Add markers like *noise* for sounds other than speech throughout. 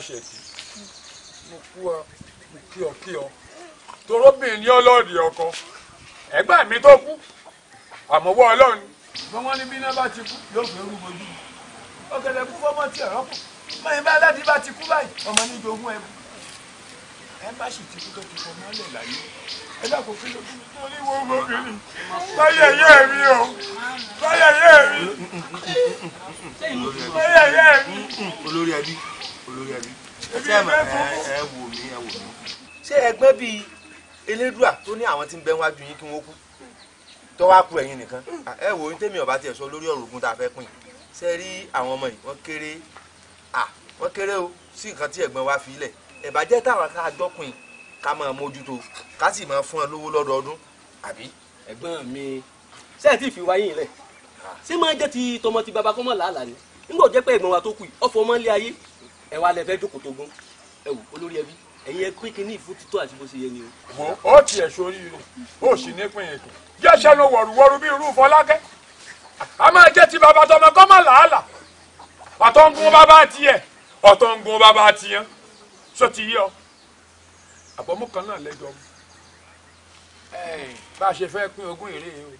àṣetì mo kú ọ mo kí ọ kí ọ torobìnrin ní ọlọ́ọ̀dì ọkọ ẹ̀gbọ́n mi tó kú àmọ́wọ́ ọlọ́run ṣùgbọ́n wọ́n ní bá ti kú yóò fẹ́ rú bojú ọ̀gẹ̀dẹ̀ kú fọ́mọ́ tí ẹ̀rọ kù mọ̀yìn bá aládìí bá ti kú báyìí ọmọ ní jogún ẹ̀bù ẹ bá sì ti kú tó ti fọ mọ́lẹ̀ láyé ẹ dákun kí ló kú torí wo obìnrin báyẹ̀ yẹ́ mi o báyẹ̀ yẹ́ mi báyẹ̀ yẹ́ mi. olórí ẹbí lórí ẹbí ṣé ẹ wò mí ẹ wò mí. ṣé ẹgbẹ́ bíi elédùà tó ní àwọn tí ń bẹ wájú yín kí wọ́n kú tó wá kú ẹ̀yin nìkan hmm. ẹ wò ní tèmi ọba tiẹ̀ sọ lórí ọ̀rọ̀ ogun tá a fẹ́ pín ṣe rí àwọn ọmọ yìí wọ́n kéré à wọ́n kéré o sí nǹkan tí ẹ̀gbọ́n wa fi lẹ̀ ẹ̀bàjẹ́ táwọn ká gbọ́kùn ká máa mójútó ká sì máa fún ẹ lówó lọ́dọọdún àbí. ẹ̀gbọ́n mi ṣé ẹ ti fi wáyé yín lẹ̀ ṣé máa jẹ́ ti tọmọ ti bàbá kọ́mọ làálàá ni nígbà jẹ́ pé ẹ̀gbọ́n wa tó kù ọ̀fọ̀ ọmọ ilé ayé ẹ wá lẹ fẹ́ jókòó tó gún ẹ wò olórí ẹbí ẹ̀yin ẹ pín kínní ìfòtítọ́ àti bó ṣe yẹ ni o. ó tiẹ̀ sórí rẹ̀ ó sì ní pín ètò jẹ́ sẹ́nu wọ̀rùwọ̀rù bí irú fọlákẹ́ a máa jẹ́ ti bàbá tọmọ kọ́ mọ̀ làálà ọ̀tọ̀ ń gun bàbá tiẹ̀ ọ̀tọ̀ ń gun bàbá tiẹ̀ sọ ti yí ọ àbọ̀mú kan náà lẹ́jọ́ mu bá a ṣe fẹ́ pín ogún ìrè o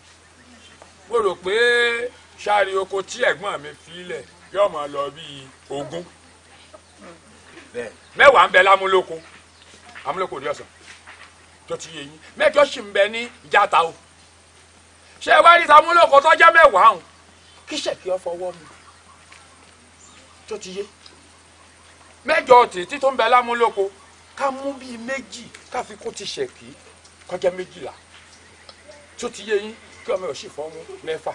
mo rò pé ṣáàrì oko tí ẹ̀gbọ́n mi fi lẹ̀ yóò máa lọ bíi ogún mẹ́wàá ń bẹ lámúlòkó amúlòkó òdi ọ̀sán tó ti yé yín mẹ́jọ sì ń bẹ ní jata o ṣé ẹ wá rí tamúlòkó tó jẹ́ mẹ́wàá o kí ṣèkí ọ fọwọ́ mi tó ti yé mẹ́jọ títí tó ń bẹ lámúlòkó ká mú bíi méjì káfi kó ti ṣèkí kọjá méjìlá tó ti yé yín kí ọmọ òsì fọwọ́ mẹ́fà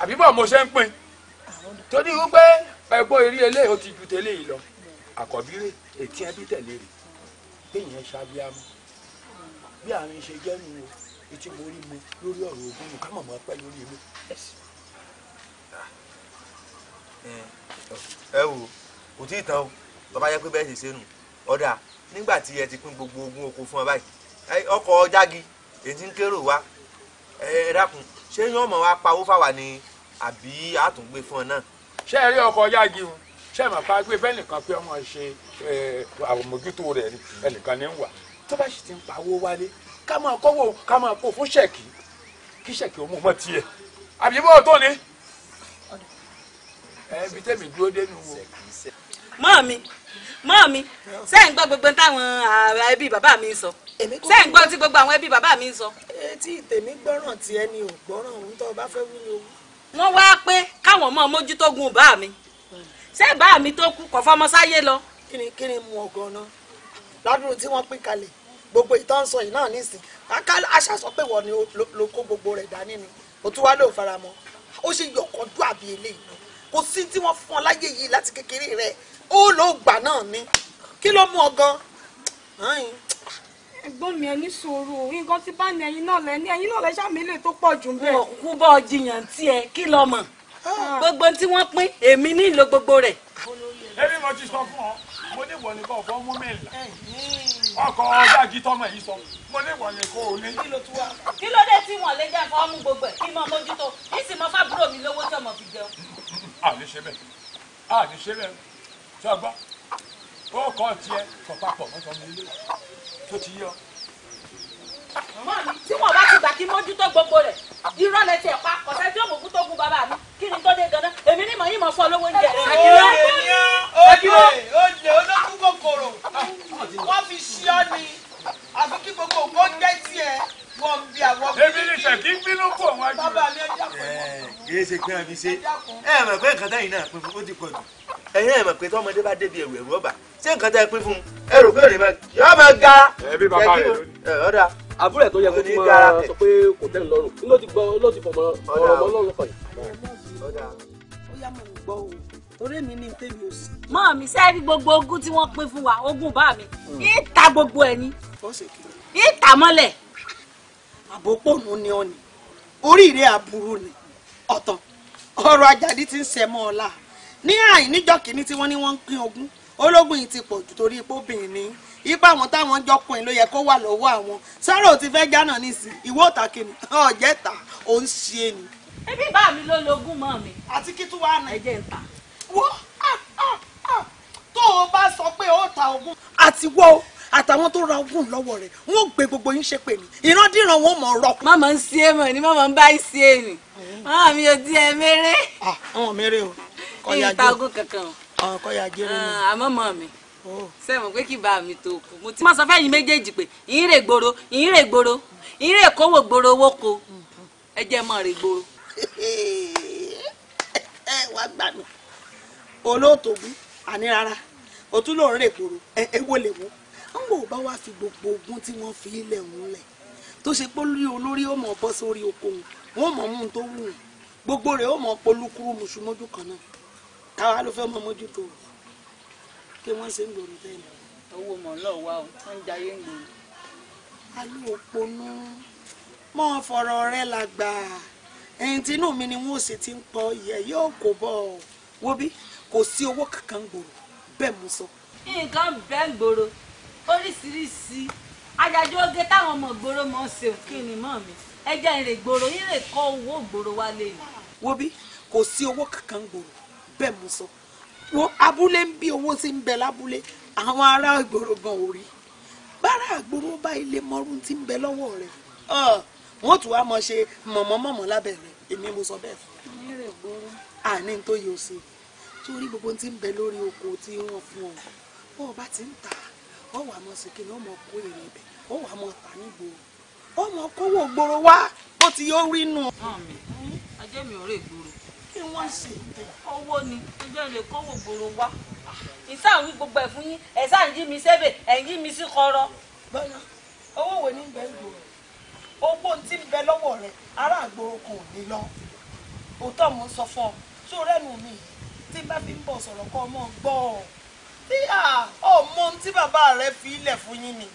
àbí bọ́ọ̀ mo ṣe ń pín torí wípé ẹgbọ́n eré eléyìí ó ti ju tẹ́lẹ̀ yìí lọ àkọ́bí rè ètí ẹbí tẹ̀lé rè péyìn ṣàbíàmù bí àárín ṣe jẹ́ nu o etí mo rí mu lórí ọ̀rọ̀ ogun nù ká mọ̀ mọ́ pẹ́ lórí mi. ẹ wo kò tí ì tán o bàbá yẹ pé bẹ́ẹ̀ ṣe sẹ́nu ọ̀dà nígbà tí ẹ ti pín gbogbo ogun oko fún ọ báyìí ọkọ̀ jági èyí ń kérò wa ẹ dákun ṣé yín ọmọ wa pawó fáwa ni àbí àtúngbé fún ọ náà. ṣé ẹ rí ọkọ̀ jági o ṣé màá pa gbé bẹ́ẹ̀ nìkan pé ọmọ ṣe àmójútó rẹ̀ ni ẹnìkan ní wà tó bá sì ti ń pawó wálé ká máa kọ́wọ́ ká máa kó fún ṣẹ́ẹ̀kì kí ṣẹ́ẹ̀kì ó mú mọ́ tiẹ̀ àbí bọ́ọ̀ tó ni ẹbí tẹ̀mí dúró dénú wo. mọ́ọ̀mí mọ́ọ̀mí ṣé ń gbọ́ gbogbo táwọn ará ẹbí bàbá mi ń sọ ṣé ń gbọ́ tí gbogbo àwọn ẹbí bàbá mi ń sọ. etí tèmi gbọ́ràn tí ẹni ò gbọ́ràn òun tó bá fẹ́ wí ni o. wọ́n wá pé káwọn ọmọ mójútógun bá mi ṣé bá mi tó kú kọ fọmọ sáyé lọ. kíni kíni mu ọgàn náà ládùúgbò tí wọ́n pín kalẹ̀ gbogbo ìtọ́nsọ yìí náà nísìn aṣa sọ pé wọ́n ni ló kó gbogbo rẹ̀ dání ni o tún wá lóò fara mọ́ ó ṣe yọkọ̀dú àbí eléyìí kò sí tí wọ́n fún ọ láyé yìí láti kékeré rẹ̀ ó ló gbà náà ni kí ló mú ọ gan ẹ̀gbọ́n mi ẹni sòrò nǹkan tí bá ní ẹ̀yin náà lẹ ní ẹ̀yin náà lẹ ṣàmìlẹ tó pọ̀ jù bẹ́ẹ̀. òkú bọ jiyàn tiẹ̀ kí lọ mọ̀ gbogbo tí wọ́n pín èmi nílò gbogbo rẹ̀. ẹbí mo ti sọ fún ọ mo ní wọ̀nyí kọ́ ọ̀fọ́ mú mẹ́la ọkọ̀ ọ̀gáàgì tọmọ yìí sọ mo ní wọ̀nyí kọ́ òní. kí ló dé tí wọn lè jẹ ẹfọ ọmú gbogbo ẹ kí n mọ mójútó kí sì mọ fábúrò mi lówó tí ọmọ fi jẹun. a ní ṣe bẹ́ẹ̀ a ní ṣe bẹ́ẹ̀ sọgbà ó kọ́ tiẹ̀ kọ́ papọ̀ mọ́tọ́ mi lé tó ti yọ mọ mi tí wọn bá ti gbà kí mójútó gbogbo rẹ irọ́ lẹ́sẹ̀ pa ọ̀sẹ̀ tí ó kí ni tó dé gan-an èmi ní màá yín màá fún ọ lówó oúnjẹ. àkìlọ́ àkìlọ́ olè olókùn kòkòrò wọ́n fi ṣí ọ ni àfi kí gbogbo nǹkan jẹ́ tiẹ̀ wọ́n bí àwọn bí. èmi ni sẹ́kí bínú pọ̀ wájú. bàbá mi ẹ jákòó. kìí ṣe pé àbí ṣe ẹ mọ̀ pé nǹkan táyìn náà pín fún ó ti pọ̀ jù ẹ̀yin ẹ mọ̀ pé tọ́mọdé bá débi ẹ̀rù ẹ̀rù ọba ṣé nǹkan táyìn pín fún ẹ rò pé òní máa yọ máa ga. ẹbí bàbá rẹ lónìí. ẹ ọ̀dà àbúrò ẹ̀ tó yẹ kó ti máa sọ pé kò tẹ́ ń lọ́rùn ló ti gbọ́ ló ti fọ̀mọ́ ọ̀rọ̀ ọmọ ọlọ́run kan yìí ọ̀dà ó yá mọ̀ ń gbọ́ o torí èmi ní tèmi ò sí. mọ mi ṣe rí gbogbo ogún tí wọ́n pín fún wa ogún bá mi hmm. ìta gbogbo ẹ ni ìta mọ́lẹ̀. àbòpọ̀nù ni ọ ni oríire aburú ni ọ̀tọ̀ ọrọ̀ ajadi ti ń ṣẹ mọ́ ọ la ní àyìn níjọ́ kìíní tí wọ́n ní wọ́n ń pín ogún ológun yìí ti pọ̀ jù torí ipò obìnrin ni ipa àwọn táwọn jọkùnrin ló yẹ kó wà lọ́wọ́ àwọn sọ́rọ̀ ò ti fẹ́ jánà nísìnyí ìwọ́ta kìíní ọ̀jẹ̀ta ò ń ṣe ni ebi bá mi ló logún mọ́ mi. àti kí tún wá nà. ẹ jẹ́ n ta. wo tó o bá sọ pé ó ta ogún. àti wọ́ o àtàwọn tó ra ogún lọ́wọ́ rẹ̀ wọ́n gbé gbogbo yín ṣe pè mí ìrandíran wọn mọ̀ ọ̀rọ̀. màmá ń ṣe é mọ̀ ni màmá ń bá ń ṣe é nì màmá mi ò di ẹ méré. àwọn méré o kọyà jẹ ìtagun kankan o kọyà jẹ rẹ ni. àmọ́ mọ̀ mi sẹ́wọ̀n pé kí bá mi tó kù mo ti máa sọ fẹ́yìn méjèèjì pé ìyìn rè gbòòrò ìyìn rè gbòòrò ìyìn rè kówó gbòòrò owó ko mm-hmm. ẹ jẹ́ mọ̀ rè gbòòrò. *laughs* ẹ wá gbà mí òtún lòún rè kúrò lè mú fi gbogbo ogun tí wọn fi ilẹ̀ ń lẹ̀ tó ṣe pé olórí ó mọ̀ bọ́ sórí oko wọn mọ̀ mú tó wù wọn gbogbo rẹ̀ ó mọ̀ polúkúrú kuru kan náà káwa ló fẹ́ mọ mójútó kí wọ́n ṣe ń gbòòrò bẹ́ẹ̀ lọ. owó mọ̀ wá o wọ́n ń jayé ń gbòòrò. la ẹyin tí inú mi ni wọn ò ṣe ti ń pọ ìyẹ yóò kó bọ ọ wo bí kò sí owó kankan gbòòrò bẹ́ẹ̀ mo sọ. nǹkan bẹ́ẹ̀ gbòòrò oríṣiríṣi ajájú oge táwọn ọmọ gbòòrò mọ̀ ṣe òkè ni mọ́ mi ẹjẹ́ ìrè gbòòrò ìrè kọ́ owó gbòòrò wa lè ní. wo bí kò sí owó kankan gbòòrò bẹ́ẹ̀ mo sọ wo abúlé ń bí owó sí ń bẹ lábúlé àwọn ará ìgboro gan ò rí bára àgbòrò bá ilé mọ́rún ti ń bẹ lọ́wọ́ rẹ̀ wọ́n tún wá mọ̀ ṣe mọ̀mọ́mọ̀mọ́ lábẹ́ rẹ̀ èmi mo sọ bẹ́ẹ̀ fún un. àní tó yẹ o ṣe torí gbogbo ti ń bẹ lórí oko tí wọ́n fún ọ bó o bá ti ń tà ọ wà mọ̀ sí kí ni ó mọ̀ kó èrè ibẹ̀ ó wà mọ̀ tà níbo ó mọ̀ kówó gbòòrò wá bó ti yóò rí nù. ajé mi ò rè gbòòrò. kí wọ́n ṣe. owó ni ẹjẹ́ lè kówó gbòòrò wá ìsáà wí gbogbo ẹ̀ fún yín ẹ̀ sáà ń yí mi sẹ́bẹ̀ ẹ̀ ń yí mi sí kọ́rọ́. owó wo ní bẹ́ẹ̀ gbòòrò owó tí ń bẹ lọ́wọ́ rẹ ará àgbòrò kan ò ní lọ òótọ́ mo ń sọ fún ọ tó rẹ́nu mi tí bá fi ń bọ̀ sọ̀rọ̀ kọ́ ọmọ gbọ́ ọ tí ọ mọ ohun tí bàbá rẹ fi ilẹ̀ fún yín ni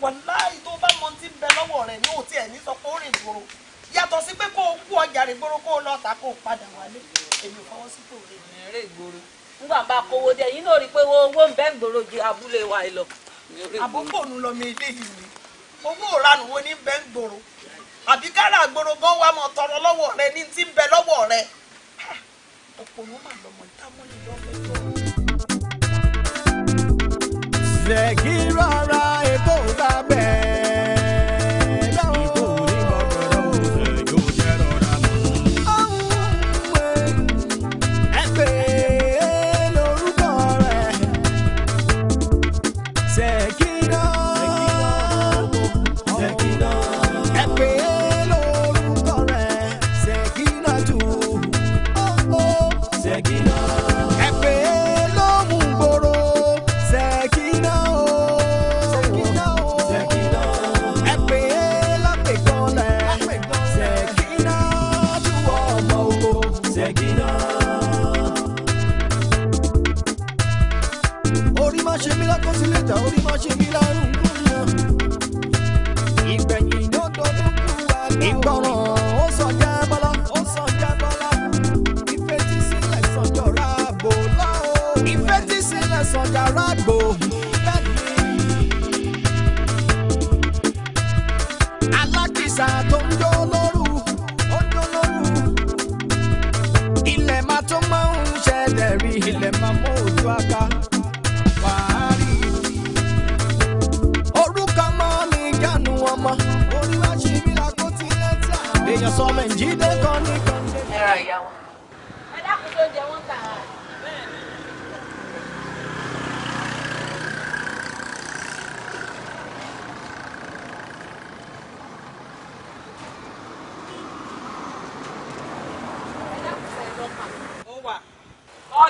wàláì tó bá mọ ohun tí ń bẹ lọ́wọ́ rẹ ní òtí ẹ̀ ní sọ pé ó rìn gbòòrò yàtọ̀ sí pé kó o kú ọjà rè gbòòrò kó o lọ tà kó o padà wálé èmi fọwọ́ sí kò rè rè gbòòrò. nígbà bá kówó dé yín náà rí i pé owó ń bẹ gbòòrò ju abúlé wa lọ. àbúkò nu lọ mi ilé yìí ni owó ìranù wo ní bẹ gbòòrò àbí kára àgbòrò gan wà mọ̀ tọrọ lọ́wọ́ rẹ ní ti ń bẹ lọ́wọ́ rẹ. òpònú kí rọra ètò ìgbà bẹ́ẹ̀.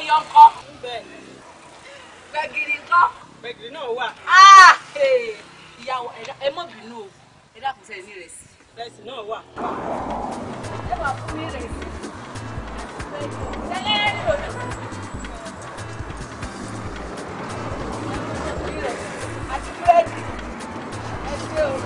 ọyọ ńkọ́. gbẹ̀gìrì ńkọ́. gbẹ̀gìrì náà wà. Ah, ìyàwó ẹ mọ̀ bínú o ẹ dákun sẹ́yìn ní ìrẹsì. ìrẹsì náà wà. ẹ wà fún mi ìrẹsì. tẹ́lẹ̀ ẹ nílò ní. àti búrẹ́dì ẹ ṣe o.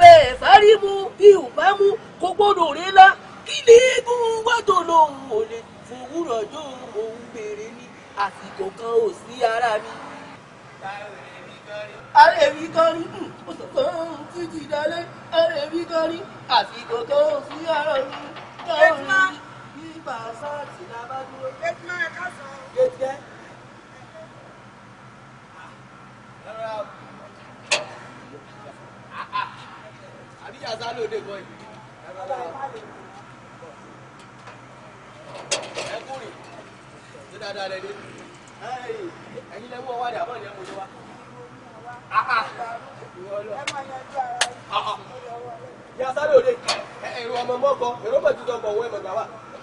bẹ́ẹ̀ ìfárí mu bí ìwà mú kó gbọ́dọ̀ rí lá kí ni eégún gbọ́dọ̀ lòun ò lè fòwúrọ̀ jó òun béèrè ní àsìkò kan ò sí ara mi. Ààrẹ mi kan rí oṣù kan títí dalẹ̀, ààrẹ mi kan rí àsìkò kan ò sí ara mi bá sáàtì la bá dúró. Ètò náà ká sọ. Ètò ẹ. Rárá lóde bọ́ yìí. Ẹyin lẹ́wọ́ wá dé àbọ̀ ìyẹn mo lé wá. Yà sáré òde. ọmọ mọ́kọ, èrò mọ̀ tuntun ọmọ òun ẹ̀ mọ̀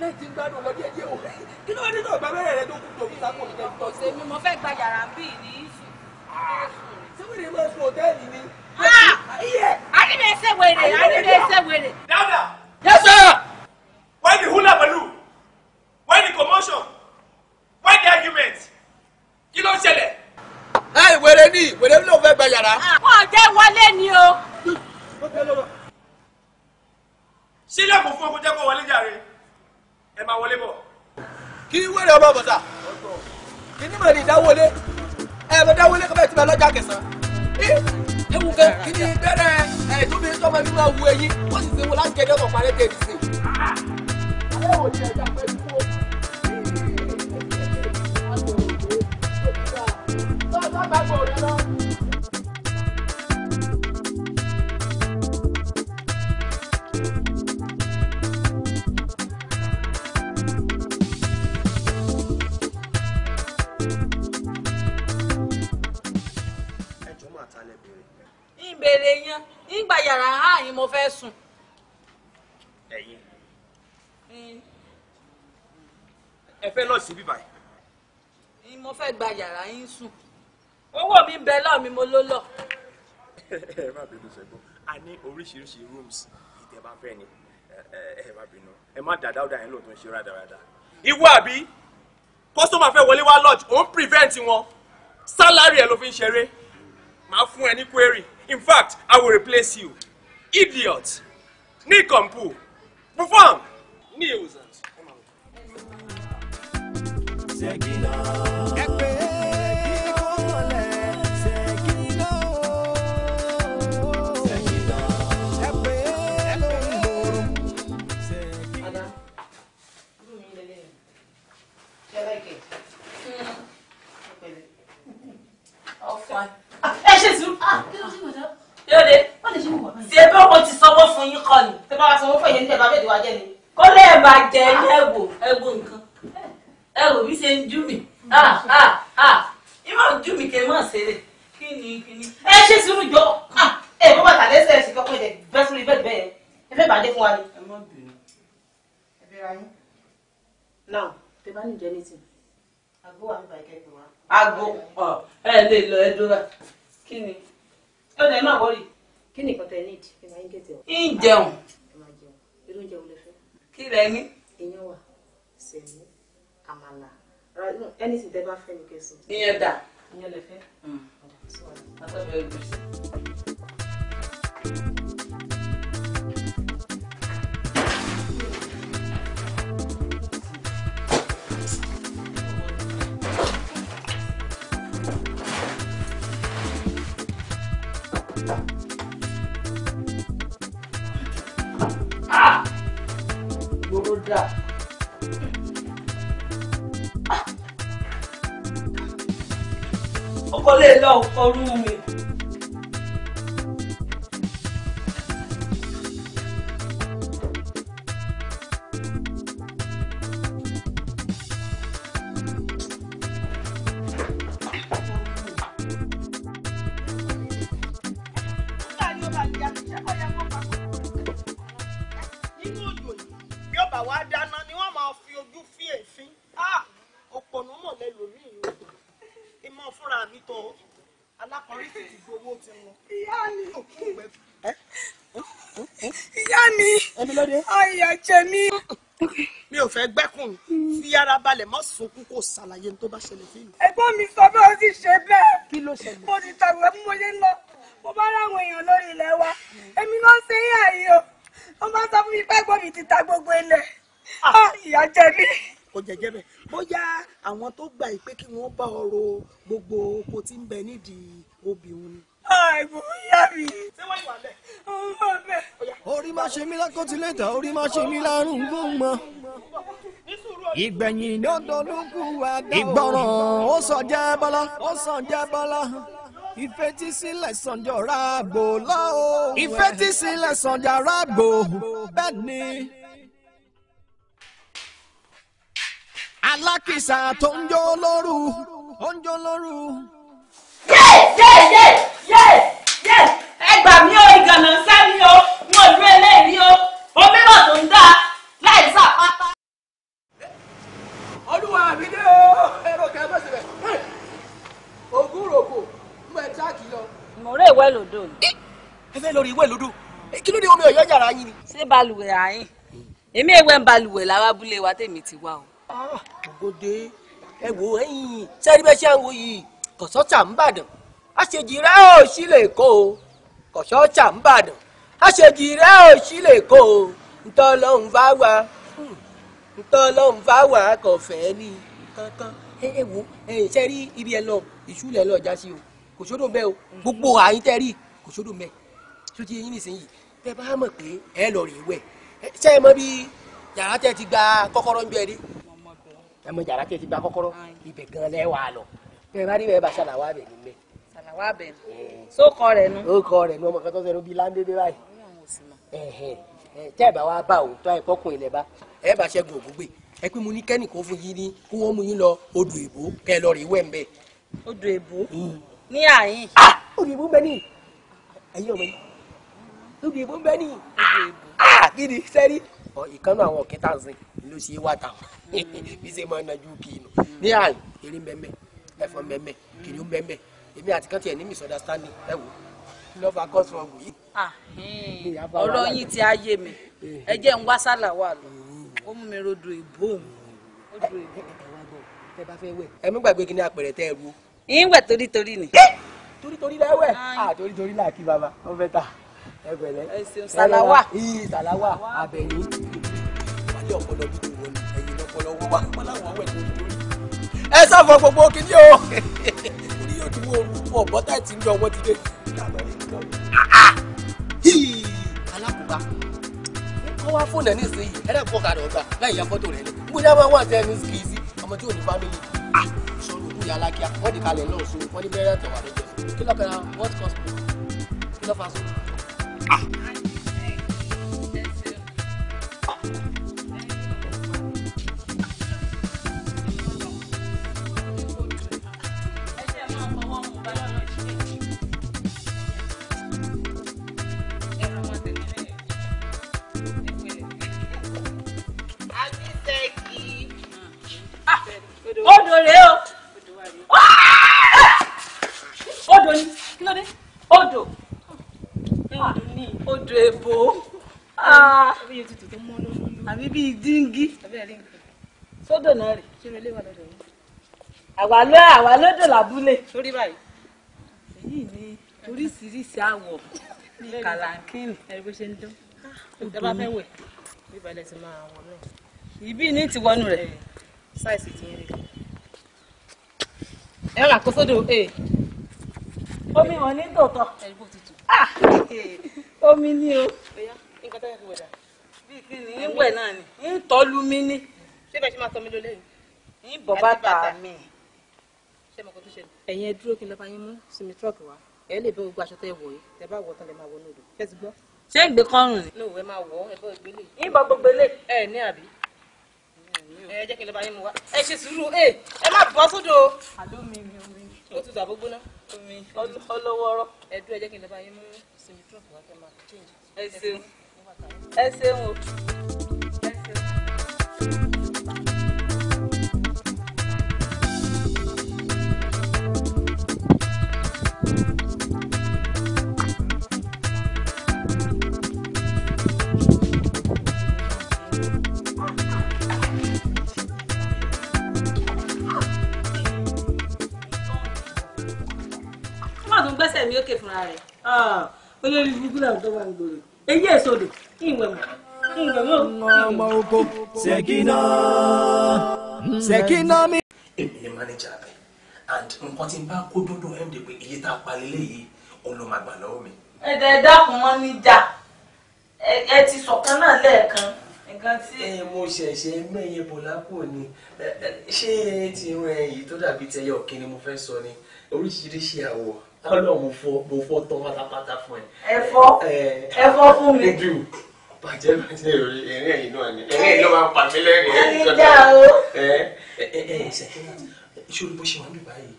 náà ti ń gbádùn lọ díẹ̀ díẹ̀ o kí ló wá dé tó gba abẹ́rẹ́ rẹ tó kú tó fi sáko ìjẹ́ ìtọ́ sí. èmi mo fẹ́ gba yàrá ń bì ní ìsù. síbìrì máa sun òtẹ́ẹ̀lì ni. àdìmẹ̀ ẹsẹ̀ wèrè àdìmẹ̀ ẹsẹ̀ wèrè. dada. yes sir. why the hula balloon why the commotion why the argument kí ló ń ṣẹlẹ̀. ẹ wèrè ni wèrè ló fẹ́ gba yàrá. Ah, wọ́n jẹ́ wọlé ni o. sílẹ̀ kò fún ọkọ̀ jẹ́ kó wọlé jàre ẹ máa wọlé bọ̀. kí wẹ́rẹ́ ọba bọ̀dà kí ní màlì dáwọlé ẹ bẹ dáwọlé kọfẹ́ tí ma lọ́jà kẹsàn-án. ewu kẹ kí ni bẹ́rẹ̀ ẹ̀ tó fi sọ́mọ mi máa wu ẹyin wọ́n sì ti wo láti kẹ́kẹ́ ọ̀pá rẹ̀ tẹ̀lé sí. alẹ́ òní ẹ̀dá pẹ̀lú kó. tọ́jú àgbàgbọ́ rẹ lọ. yàrá ààyìn ah, mo fẹ́ sùn. ẹ̀yin ẹ fẹ́ lọ sí bíbá yìí. mo fẹ́ gba yàrá yín sùn owó mi ń bẹ lọ́ọ̀ mi mo ló lọ. ẹ má bínú ṣẹ́gun a ní oríṣiríṣi rooms ìtẹ̀ bá fẹ́ ni ẹ má bínú ẹ má dàda ọ̀dà yẹn lóòótọ́ ṣe rádaràda. ìwọ àbí kọ́sọ́mà fẹ́ wọlé wá lodge òun prevent wọn sálárì ẹ̀ ló fi ń ṣeré màá fún ẹ ní query. In fact, I will replace you. Idiot. Ni kompu. Perform. Ni usans. Come on. lóde tí ẹ bá wọn ti sanwó fún yín kọ́ ni tí bá wa sanwó fún yín níbẹ̀ bá bẹ̀rẹ̀ wá jẹ́ ni kó lè bá jẹ ní ẹ̀wò ẹ̀wò nǹkan ẹ̀wò mi ṣe ń jú mi ìmọ̀ ń jú mi kì í mọ̀ ṣeré kí ni kí ni ẹ ṣe sùúrù jọ ẹ bọ́ bàtà lẹ́sẹ̀ ẹ̀sìn kọ́kọ́ ìdẹ bẹ́ sórí bẹ́ẹ̀ bẹ́ẹ̀ ẹ fẹ́ bàdé fún wa ni. ẹ má bínú ẹ bẹ́ra yín. now tẹ bá ní ìjẹ́ ní ti àgbo àgbo ẹ lè lọ ẹ dúró kí ni ó dẹ̀ má wọ́rì. kí ni ìkọ́tẹ́ ní ìdí ẹ̀ máa ń gẹ̀tẹ̀ ọ̀. ń jẹun. ẹ máa jẹun irú oúnjẹ wo lè fẹ́. kí lẹ ní. iyán wà sẹ̀mí àmàlà anything tẹ bá fẹ́ ni kẹsàn. iyán dà. iyán lè fẹ́. Mm. ọ̀dà sí wa. foram sunkún kò ṣàlàyé tó bá ṣẹlẹ̀ sí mi. ẹ̀gbọ́n mi sọ bí wọ́n ti ṣe bẹ́ẹ̀. kí ló ṣẹlẹ̀. mo ti tàwé bí mo ṣe ń lọ mo bá láwọn èèyàn lórí ilẹ̀ wa èmi ló ṣe é àyè o wọ́n máa sọ fún mi pé ẹ̀gbọ́n mi ti ta gbogbo ilẹ̀ ah! Ah, ìyà jẹ mí. kò jẹjẹ bẹ bóyá àwọn tó gbà yìí pé kí wọn bá ọ̀rọ̀ gbogbo oko tí ń bẹ nídìí obìnrin ni. àìbùn ah, ìyá mi. ṣé wọ́n ìwà bẹ́ẹ̀. orí má ṣe mí lákòtí lẹ́tà orí má ṣe mí lárùn gbóngbọ́n ìgbẹ̀yìn ló dológun àdá o. ìgbọràn ó sọjẹ́ bọ́lá ó sọjẹ́ bọ́lá ìfetísílẹ̀ sànjọ́ra gbò lọ́wọ́. ìfetísílẹ̀ sànjọ́ra gbò bẹ́ẹ̀ ni. alákìsà tó ń jó lóru ó ń jó lóru. yé yé yé yé yé ẹ gbà mí o ìgànnà sẹ́mi o wọn ò eléyìí o omi náà tó ń dá láì sàpátá. olúwa mi ẹrọ kẹ bó síbẹ̀ ogún rògbò mụrụ bẹ lọ. mọ̀rẹ́ ìwé lòdò ni. ẹ fẹ́ lórí ìwé lòdò eh, kí ló dé omi ọ̀yọ́ yàrá yín ni. ṣé balùwẹ̀ àyìn èmi ń balùwẹ̀ lára wa tèmi ti wá o. Ah, ògòdè ẹ wò ẹ̀yìn sẹ́ni wo yìí ń bàdàn àṣejì rẹ ò sí lè o ń ntọ́ lọ́hùn fáwà kọ̀fẹ́ ní kankan ẹ wo ẹ ṣe rí ibi ẹ lọ ìṣú lẹ lọ já sí o kò sódò mbẹ o gbogbo àyín tẹ rí kò sódò mbẹ tó ti yín nísìnyí tẹ bá mọ̀ pé ẹ lọ rè wẹ̀ ṣe é mọ bí yàrá tẹ ti gba kọ́kọ́rọ́ ń bẹ rí ẹ mọ yàrá tẹ ti gba kọ́kọ́rọ́ ibẹ̀ gan lẹ wà lọ bẹ́ẹ̀ bá rí bẹ́ẹ̀ bá ṣàlàwà bẹ̀ ní mbẹ. ṣàlàwà bẹ̀ so kọ rẹ̀ nu. ó kọ rẹ̀ nu ọmọ kan tó ṣe ló bí láńdédé báyìí. tẹ́ ẹ̀ bá wa bá òun tó àìpọ́kùn ilẹ̀ bá ẹ bá ṣẹ́gun ògúngbè ẹ pé mo ní kẹ́nì kó fún yín ní kó wọ́n mú yín lọ odò èbó kẹ́ ẹ lọ rí wẹ́ẹ̀ mbẹ́. odò èbó hmm. ní àyìn. Ah! odò èbó ń bẹ ní ẹ̀yin ọmọ yìí odò èbó ń bẹ ní gidi ah! sẹ́rí. ìkànnì àwọn ọ̀kẹ́ta ń sìn ló ṣe é wá ta hmm. bí ṣe máa ń najú kì í nù ní àyìn eré ń bẹ mẹ́ ẹ̀fọ́ ń bẹ mẹ́ kìnìún ń bẹ mẹ́ èmi àti kan tiẹ̀ ní misunderstanding ẹ wò lọ́ba kọ́sùn ọ̀gùn yìí. ọ̀rọ̀ yìí ti ayé mi ẹ jẹ́ ń wá sálà wà lọ. ó mú mi rodò ìbò rodò ìbò bá ẹ gbàgbé kí ni tẹ ẹ yín torítorí ni. torítorí torítorí kí baba ta ẹ ọpọlọ bí kò wọlé ẹyin wá pàláwọn torítorí. gbogbo kìíní o orí yóò ń jọ ti wọ́n wá fóònù ẹ̀ ní ẹ̀rẹ́ pọ̀ kàdọ̀ ọ̀gbà láì ya fọ́tò rẹ̀ ni mo ní àwọn àti ẹni kì í ọmọ tí ò ní fámìlì ah sọ̀rọ̀ òkú yà lákíá wọ́n di kalẹ̀ náà so wọ́n ní bẹ́rẹ̀ tẹ̀wà lọ́jọ́ kí lọ́kàrà what cost kí lọ́ odò èbó ah. àbí bíi díngí sódò náà rè àwa ló àwa lódò làbúlé èyí ni oríṣiríṣi àwọ̀ bíi kàlákìnì ẹ̀rọ ṣe ń dán ìjọba ah, fẹ́ wẹ̀ bíbalẹ̀ ti máa wọ̀ náà ìbí ní tiwọnú rẹ̀ ṣáìsì ti ń rí ẹ rà kó sódò eh. omi wọn ní tòótọ́ omi ni o. nǹkan tó yẹ kí wọ́n dà bíi kí ni ìwẹ̀ náà ni ń tọ́lu mi ní. ṣé bẹ́ẹ̀ ṣe máa tọ́ mi lólè yìí. ń bọ̀ bàtà mi. ṣé mo kò tó ṣe. ẹ̀yin ẹ dúró kí n lọ́ọ́ bá yín mú sinmi tírọ̀kì wá ẹ lè bẹ gbogbo aṣọ tẹ wọ yìí tẹ bá wọ tán lè máa wọ nódò ṣé ti gbọ́. ṣé ìgbé kọrùn ni. ní òwe máa wọ ẹ bọ ìgbélé. ń bọ gbogbo ilé. ẹ ní àbí. ẹ jẹ́ kí n lọ́ọ́ yín mú wá. ẹ ṣe sùúrù ẹ ẹ má bọ́ sódò. àlọ́ mi ó ti dà gbógbóná. ọlọ́wọ́rọ́. ẹ̀dùn ẹ̀jẹ̀ kí n lọ́ba yín mú ìsinmi trump wá kẹ́ máa change. ẹ ṣeun ẹ ṣeun o. sókè fúnra rẹ̀ olórí gbogbo náà tó wà gbòòrò èyí èso odò kí ìwẹ̀ mọ̀ ìwẹ̀ mọ̀ ọmọ oko. ṣèkínà mi. èmi ni mánéjà abẹ and nǹkan tí n bá kó dúdú md pé iye tá a pa lélẹ̀ òun ló máa gbà lọ́wọ́ mi. ẹ̀dá ẹ dákun mọ́ níjà ẹ ti sọ̀kan náà lẹ́ẹ̀kan nǹkan tí. ẹ mo ṣẹ̀ṣẹ̀ mẹ́yẹ bọ̀lá kò ní ṣé ti rán ẹ yìí tó dàbí tẹyẹ ọ̀kín ni mo fẹ́ sọ ni oríṣiríṣi àwọ̀ kọ́lọ̀ mo fọ́ mo fọ́ tán pátápátá fún ẹ. ẹ̀fọ́ ẹ̀fọ́ fún mi. ojú bàjẹ́ bàjẹ́ rí ẹ̀rín ẹ̀yìn náà ni ẹ̀rín ẹ̀yìn ló máa ń pa mí lẹ́rìn ẹ̀yìn tó dáa. ẹ ẹ ẹ ṣèkínà ìṣòro bó ṣe wà níbà yìí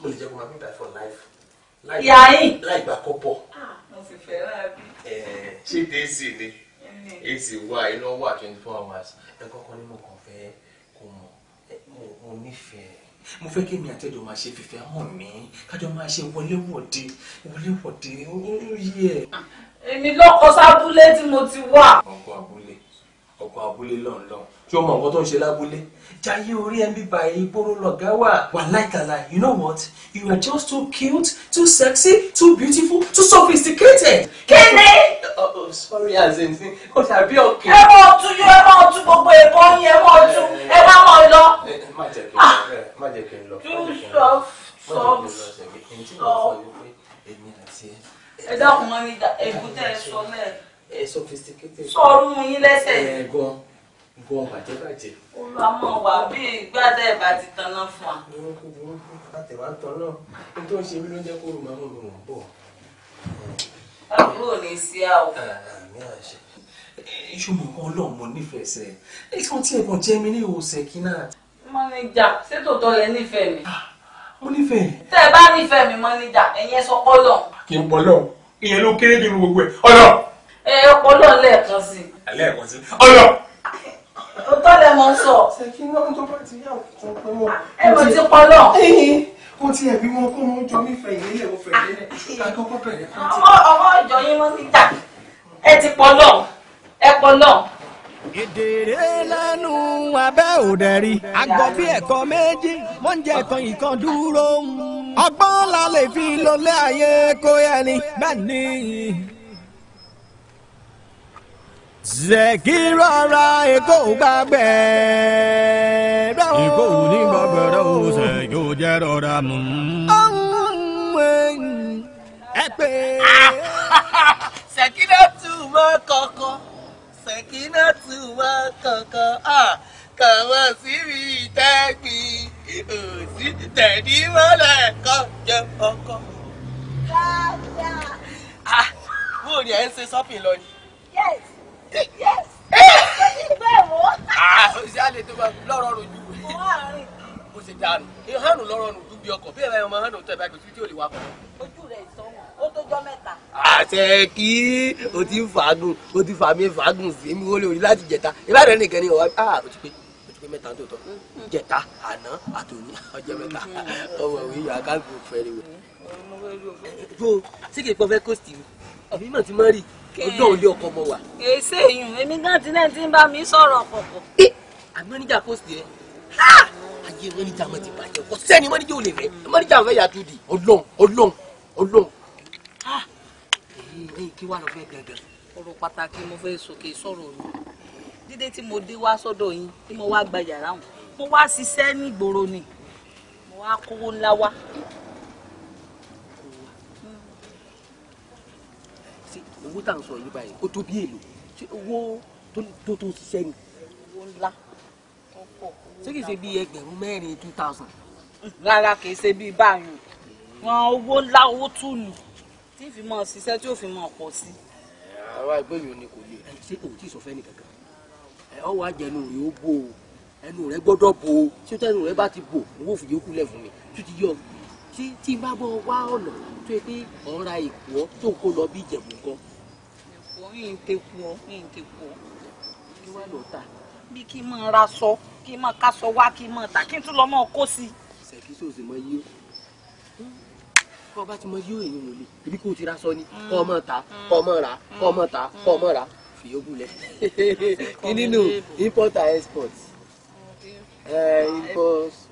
mo lè jẹ́ kó máa bíbà for life. yàáyìn láì gbà kọ́ pọ̀. Ah, mo sì fẹ́ rà bí. ṣé dèsì ni èsì wà iná wà twenty four hours ẹ̀kọ́ kan ní mo kàn fẹ́ kó mọ̀ mo nífẹ̀ẹ́ mo fẹ́ kí mi àtẹ́jọ́ máa ṣe fìfẹ́ hàn mí kájọ máa ṣe wọléwọ̀de wọléwọ̀de ó yẹ. Ah, èmi lọ́kọ sábúlé tí mo ti wà. ọkọ abúlé ọkọ abúlé lọ́nlọ́n tí ó mọ nǹkan tó ń ṣe lábúlé jayé orí ẹbí báyìí gbóró lọ̀gá wà. wà láìkàlà you know what you are just too cute too sexy too beautiful too sophisticated. Oh, oh, sorry as in o ṣàbí ọkẹ. ẹ mọ ọtún yóò ẹ mọ ọtún gbogbo èèbọ yín ẹ mọ ọtún ẹ eh, eh, má mọ lọ. Ah! Eh, má jẹ́ kí n lọ má jẹ́ kí n lọ. too soft soft soft. ẹ dákun wọn ni ẹgúntẹ sọ mẹ́rin ẹ eh, sophisticated. sọrun yín lẹ́sẹ̀. ẹ eh, gan gan bàjẹ́ bàjẹ́. olùwàmọ̀ wà bíi gbàdá ẹ̀ bá ti tanná fún wa. burúkú burúkú àtẹ̀wá tán náà n tó ń ṣe mí ló ń jẹ́ kó rò máa ń rò wọ́n bọ̀. àbúrò ní sí àwọn. Ah, àmì àṣẹ ìṣòwò kan ọlọ́run mo nífẹ̀ẹ́ sẹ́ ẹ̀ kí wọ́n tiẹ̀ kàn jẹ́ mi ní ìwòsàn kínà. mọ́nìjà ṣètò tọ́ lẹ nífẹ̀ẹ́ mi. Ah, mo nífẹ̀ẹ́. tẹ́ ẹ bá nífẹ̀ẹ́ mi mọ́nìjà ẹ̀yẹn sọ pọ́lọ̀. kì í pọ́lọ̀ ìyẹn ló kéré jù gbogbo ẹ̀ ọ̀dọ̀ ẹ ọpọlọ lẹ́ẹ̀kan sí. lẹ́ẹ̀kan sí ọlọ. o tọ́ lẹ mọ sọ. ṣèkí náà tó bá ti yà kó pé mo. ẹ mo ti pọlọ. kó tiẹ̀ bí mo kó mo jọ mi fẹ̀yìn nílẹ̀ mo fẹ̀yìn nílẹ̀ àkọ́kọ́ bẹ̀rẹ̀ fún ti. ọmọ ọmọ ìjọ yín mọ́ níta ẹ ti pọlọ ẹ pọlọ gèdèrè lẹ́nu abẹ́ òdẹ̀rí. àgbọ̀ bí ẹ̀kọ́ méjì wọ́n ń jẹ ẹ̀kan ìkan dúró. ọgbọ́n la lè fi lọlé ayé kó yẹ ni bẹ́ẹ̀ ni. Zeki rọra Èkó gbàgbẹ́. Èkó ò ní gbàgbẹ́ rẹ̀ ó sẹ̀ yóò jẹ́ rọra mú. Ẹ pé. Sẹ̀kínátù mọ́ kọ̀ọ̀kan. Sẹ̀kínátù mọ́ kọ̀ọ̀kan. Kàwọn síbi ìtẹ́gbìn òsì tẹ̀dí mọ́lẹ̀ kan jẹ ọkọ. Dáadáa. Ah, bóòlù ẹ̀ ń ṣe sọ́pìn lọ ni. Yes yes. bẹ́ẹ̀ mọ́. ṣé àlè tó máa lọ́rọ̀ rojú wẹ̀. mo ṣe dànù ìhànù lọ́rọ̀ rojú bí ọkọ̀ bí ẹ̀rọ ọmọ hànù tẹ̀ bá gbèsè tí ò lè wá kọ́. ojú rẹ̀ sọ́wọ́n ó tó jọ mẹ́ta. àṣẹ kí o ti ń fàágùn o ti fàmí fàágùn sí mi wọlé orí láti jẹta ìbáraẹni nìkan ni ọwọ́ ah o ti pé pé mẹ́ta tó tọ́ jẹta àná àtòní ọjọ́ mẹ́ta ọwọ́ òwe yọ akáǹtì òfẹ́ rẹ wò. yóò ṣé kì í pọ́ fẹ́ kóòsì mi àbí mọ̀ ti mọ́ rì ọdọ òde ọkọ mọ wa. èsè èyàn èmi gan ti náà ti ń bá mi sọ̀rọ̀ ọ̀pọ̀pọ̀. ẹ àmọ́níjà post yẹn ayé mọ́níjà mọ́ ti bàjẹ́ kò sẹ́ni mọ́níjà ò lè rẹ́ mọ́níjà fẹ́ yàtú di ọlọ́run ọlọ́run ọlọ́run. ẹyin kí wàá lọ fẹ́ gangan. ọ̀rọ̀ pàtàkì mo fẹ́ sọ̀kè sọ̀rọ̀ mi dídé tí mo dé wá sọ́dọ̀ yín tí mo wá gba yàrá wọn mo wá ṣiṣẹ́ nígboro ni mo wá kówó ńlá wá owó tá à ń sọ yìí báyìí ó tó bí èlò ṣé owó tó tó ṣiṣẹ́ ni. owó ńlá tó pọ̀. ṣé kìí ṣe bí ẹgbẹ̀rún mẹ́rin two thousand. rárá kìí ṣe bí báyìí wọn owó ńlá owó túlù tí ì fi mọ ṣiṣẹ́ tí ò fi mọ pọ̀ sí. àwa ìgbẹ́yìn ni kò lè. ṣé òun tí ì sọ fẹ́ nìkan kan ẹ ọ wá jẹnu rẹ ó bò ó ẹnu rẹ gbọ́dọ̀ bò ó ṣé tẹnu rẹ bá ti bò owó òfìyè fún mi tó ti yọ tí tí bá bọ wá ọ̀nà tó yẹ pé ọ̀ra ìkú tó kó lọ bí ìjẹ̀bù nǹkan mi ń teku ọ mi ń teku ọ. kí wàá lọ tà. bí kí n máa ra sọ kí n máa ká sọ wá kí n máa tà kí n tún lọ máa kó sí i. ṣèkísò sì mọ yí ó kọ́ bá ti mọ yí ó èyí wò lè ibi kò ti ra sọ ni kọ́ ọ ta kọ́ ọ ra kọ́ ọ ta kọ́ ọ mọ̀ ra fìyókù lẹ. kí nínú import and export. Oh, eh, import.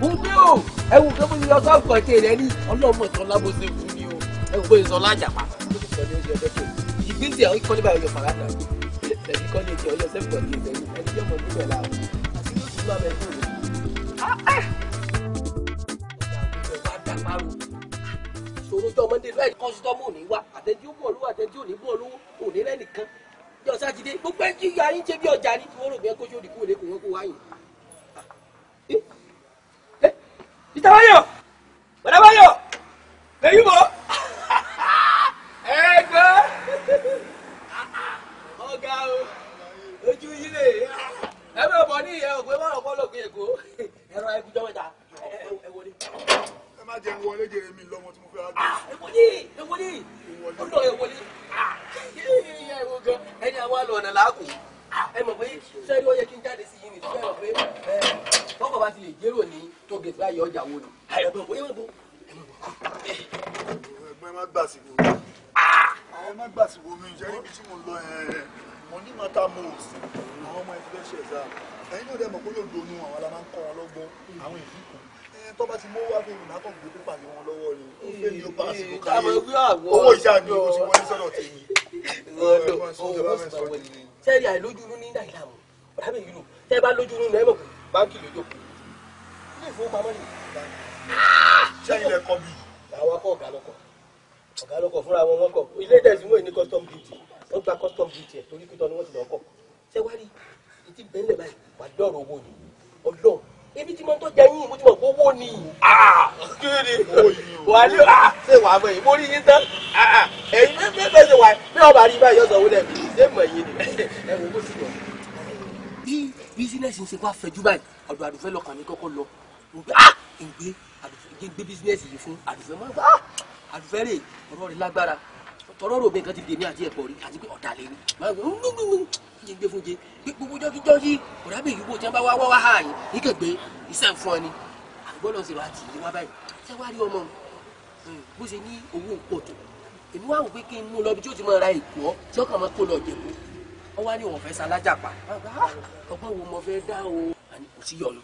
mo ní o ẹwù kí wọ́n ti yọ sọ́ọ̀kọ̀ ètè rẹ ní ọlọ́mọ ìtàn lábòsí fún mi o ẹwù bóyá sọ lájàpá ìgbésẹ̀ ìkọ́ni báyọ̀ yọ fàlàdà ẹ̀mí kọ́ ìjọ ọjọ́ sẹ́fù ọ̀dí ìbẹ̀rù ẹni jẹ́ ọmọ ìbílẹ̀ la àti ló ti gbọ́ abẹ́ fún mi. ọjà àdàparò ọmọdé lọ́ọ̀ kọ́sítọ́mù ò ní wá àtẹ̀jú ó àtẹ̀jú ò ní bọ̀ lẹ́nìkan jọ sátidé gbogbo ẹjí yọ ayé ń ṣe bí ọjà ní tí wọ́n rò bí ẹkọ́ kúrò lẹ́kọ̀ọ́ wọn kó wáyé. Mr. Bayo! Bọ̀dá Bayo! Lẹ́yìn *laughs* bọ̀! ìṣẹ́jú báyìí ọ̀dọ̀ àdùfẹ́ lọ́kàn mi kọ́kọ́ lọ mo gbé ah ìgbé àdùfẹ́ gbé bísíǹnẹ́sì yìí fún àdùfẹ́ mo gbé ah àdùfẹ́ rè ọ̀rọ̀ rẹ lágbára tọ́rọ́ rò bí nǹkan ti dèmi àti ẹ̀pọ̀ rí àti pé ọ̀dàlẹ̀ ni máa gbé ń gbé fún jẹ pé gbogbo jọ́kíjọ́ yìí ọ̀dàbẹ̀ yìí wo tí wọ́n bá wá wá wá hàn yín ní kẹ̀gbẹ́ iṣẹ́ ń fún ọ ni àgbọ̀dọ̀ sì rọ àti ìlú wá báyìí ṣé wàá rí ọmọ hmm, bó ṣe ní owó pọ̀ tó èmi wá wò pé kí n mú lọ bí tí ó ti máa ra èkó tí ọkàn máa kó lọ jẹ̀kú ọ wá ní òun fẹ́ salájà pa ah! ọgbọ́n wo mo fẹ́ dá o ti yọnu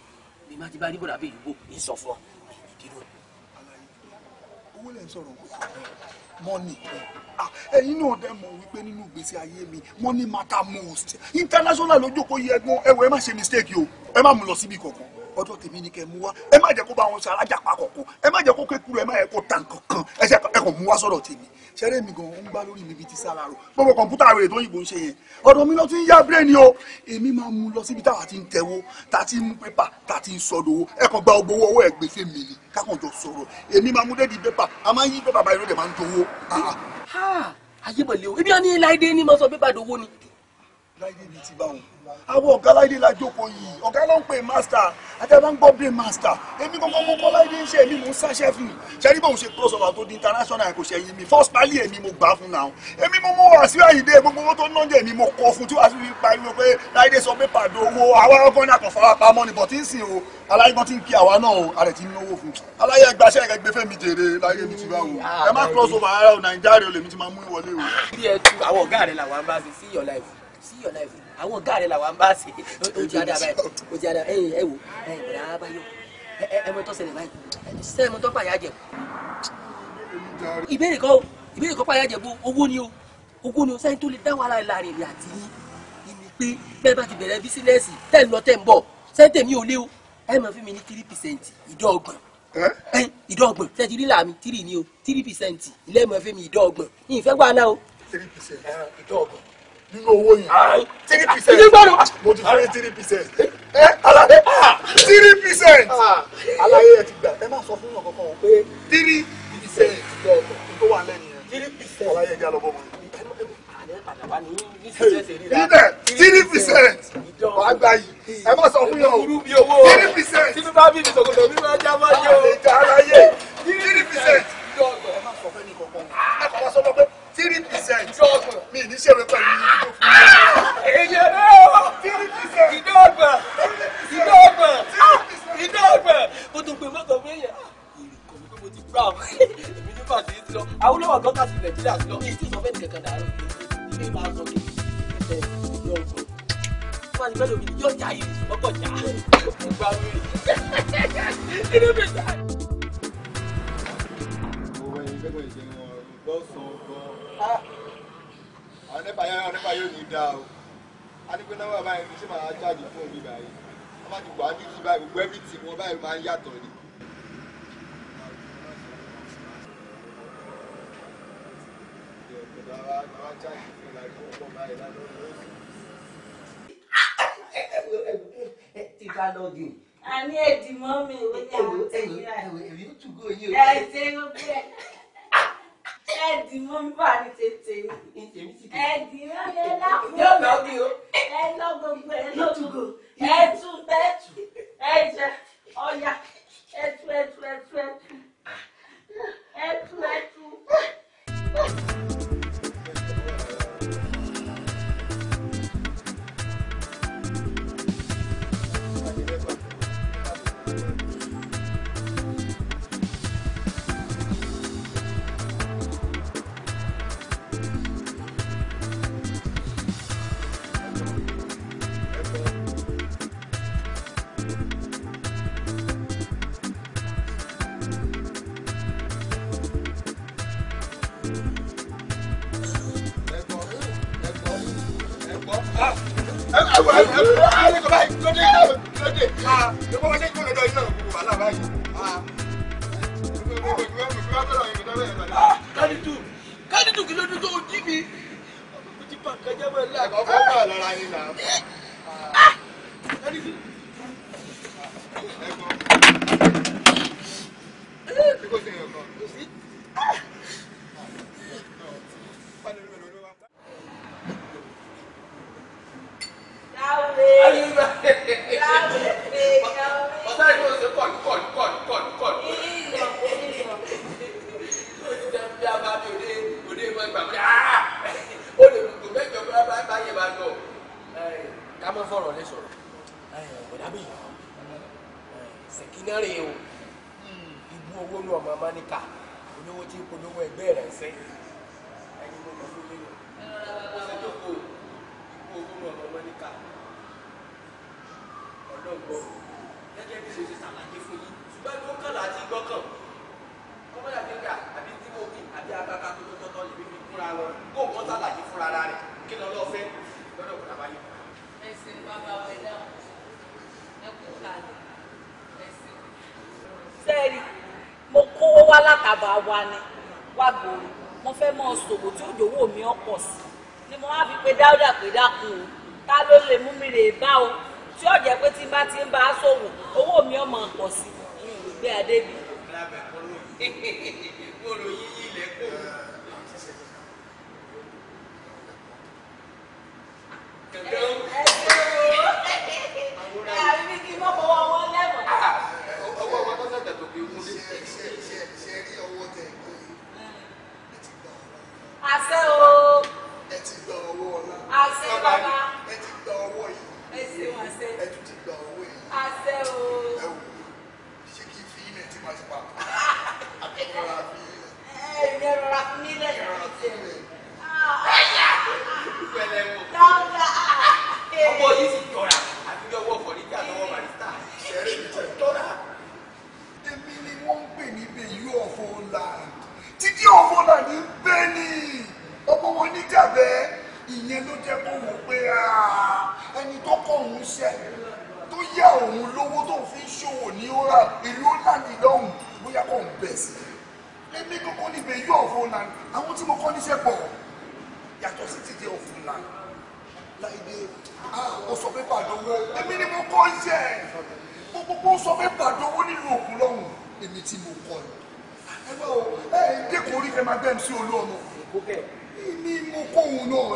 ni má ti bá níbọ̀dà bẹ́ẹ̀ yìí wò ní sọ fún ọ dídùn. owó lẹ́ ń sọ̀rọ̀ mọ́nì ah, ẹ̀yin náà dẹ́ mọ̀ wípé nínú ìgbésí ayé mi money matter most international lójókòó yẹ ẹ̀gbọ́n ẹ wò ẹ má ṣe mistake o ẹ má mú lọ síbi kankan ọdọ tèmi ni kẹ mú wá ẹ má jẹ kó bá wọn ṣe alájàpá kọkọ ẹ má jẹ kó kékeré ẹ má yẹ kó tàn ẹ kò mú wá sọ́dọ̀ tèmi ṣẹ́rẹ́ mi gan ń gbá lórí mi bíi ti sálárò gbogbo kọ̀ǹpútà rẹ̀ tó yìnbó ń ṣe yẹn ọ̀dọ̀ mi ló ti ń yá bírèèni o èmi máa mú lọ síbi táwa ti ń tẹ̀wó tá a ti ń mú pépà tá a ti ń sọdowó ẹ kàn gba gbowó ọwọ́ ẹ̀ gbé mi ni kákan jọ sọ̀rọ̀ èmi máa mú dédi pépà a máa ń yí pépà báyìí ló máa ń jowó. ayébọ̀lẹ̀ o ebi wọn ní láìdé ní mọ́sán pépà dowó ni láìdé bíi ti báwọn àwọn ọ̀gá láìdé la jókòó yìí ọ̀gá ló ń pè master àtẹ̀bá ń gbọ́ bíi master èmi kankan mo kọ́ láìdé ń ṣe èmi mò ń sáṣẹ́ fún mi ṣẹ́rí bóun ṣe cross over tó di international kò ṣe mi first pali èmi mo gbà fún náà èmi mo mú wàásù àyídé gbogbo owó tó ń náà èmi mo kọ́ fún tí wàásù mi pariwo pé láìdé sọ pé pàdé owó àwa ọkọ náà fara pamọ́ ni bọ̀ tí ń sìn o aláìgbọ́n ti ń kí àwa náà o àrẹ ti ń náwó fún aláyẹ ẹgbàṣẹ́ rẹ gbé fẹ́mi jèrè láyé mi ti bá wò ẹ má cross over ara o nàìjíríà rẹ olèmi ti máa mú ìwọlé o. bí ẹ tu àwọn ọ̀gá rẹ làwọn bá fi sí your life sí yọ̀ láìpẹ́ àwọn ọ̀gá rẹ̀ làwọn bá ṣe ojú adá báyìí ojú adá ẹ̀yìn ẹ̀ wò ẹ̀yìn ìgbà abáyọ ẹ̀mọ tó ṣẹlẹ̀ báyìí sẹ́ẹ̀mọ tó pààyà jẹ̀ ìbéèrè kan ìbéèrè kan pààyà jẹ̀ bó owó ni o owó ni o sẹ́yìn tó lè dá wàhálà láàrin èmi àti yín ni pé bẹ́ẹ̀ bá ti bẹ̀rẹ̀ bísínẹ́sì tẹ̀ ń lọ tẹ̀ ń bọ̀ sẹ́yìn tèmi ò lé o ẹ máa fi mi ní three ni o three percent ilé ẹ̀ máa fi mi ìdá ọgbọ̀n o three percent ìdá nínú owó yẹn three ah, percent ah, mo ti fún three percent ẹ eh, alaye ah, three percent alaye ẹ ti gbà ẹ má sọ fún yàn kankan o pé three percent tó wà lẹ́yìn yẹn three percent alaye ẹ já lọ bọ́ wọn. Níbẹ̀ three percent wàá gba yìí ẹ má sọ fún yàn o three percent tínú bá bí mi sọ̀kòtò mi já máa yẹ o alaye percent ẹ má sọ fẹ́ ní kankan ẹ kọ́ wá sọ́dọ̀ pé three percent mi ní ṣèwé pẹ̀lú ìdíjọ́ fún mi. èyàn náà three percent ìdọ́gba ìdọ́gba ìdọ́gba kó tó pè mọ́tò fún èyàn kò ní kó mo ti gbà ọ́ èmi ní bàtí ti lọ àwọn olówó àgbọ̀n kàti nàìjíríà ti lọ èyí tí sọ fẹ́ẹ́ nìkan kan dàrú ilé máa sọ kí ẹ yọ ọgbọ fún àti mẹ́lòmí yóò já yìí ọkọ̀ já ọgbà àwọn nípa yẹn àwọn nípa yóò ní í dá o a ní pé náwó àbáyé ní ṣé màá jáde fún mi báyìí wọ́n bá ti wà ní ìtura gbogbo everything wọn báyìí máa ń yàtọ̀ ni. ti ka mi ò ní àwọn ẹ̀yìn rà. ẹ̀wẹ̀ tún gò yín o. ẹ̀ gbogbo ẹ̀ ẹ dì mọ́ mi bá ní tètè wa ni wà gbòòrò mo fẹ́ mọ ṣòwò tí òjòwò mi ọ̀ pọ̀ sí ni mo wá fi pé dáúdà pé dákun o ta ló lè mú mi rè bá o tí ó pé tí n bá ti ń bá a ṣòwò owó mi ọmọ pọ̀ sí i ní ìgbé adébí. kóró yíyí ilẹ̀ kó.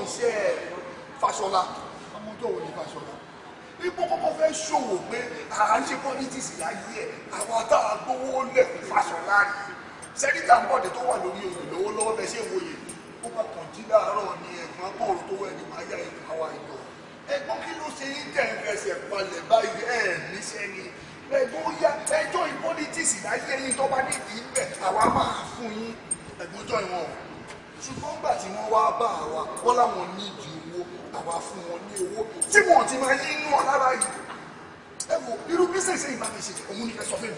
iṣẹ́ Fáṣọlá ọmọ tó wò ní Fáṣọlá ipò kọ́kọ́ fẹ́ ṣòwò pé à ń ṣe politics láyé ẹ̀ àwọn àtàwọn agbowó lẹ̀ Fáṣọlá ni sẹ́ríkà bọ̀dẹ̀ tó wà lórí oyè lọ́wọ́lọ́wọ́ bẹ́ẹ̀ ṣe wòye ó bá kàn jí láàárọ̀ ni ẹ̀gbọ́n bòrò tó wẹ̀ ní máyà ẹ̀kọ́ àwa ìjọ ẹ̀gbọ́n kí ló ṣe yín tẹ̀ ń fẹsẹ̀ palẹ̀ báyìí ẹ̀ níṣẹ́ ni ẹ̀gbọ́n ó yá ẹjọ́ ìpọ́lítíìsì láyé yín tó bá nídìí ń bẹ̀ àwa máa fún yín ẹ̀gbọ́n jọ ìwọ̀n ṣùgbọ́n gbà tí wọ́n wá bá àwa wọ́n láwọn nídìí owó àwa fún wọn ní owó tí wọ́n ti máa yí inú ọ̀lára yìí ẹ wo irú bísíǹsì yìí máa fi ṣe òun ni ẹ sọ fún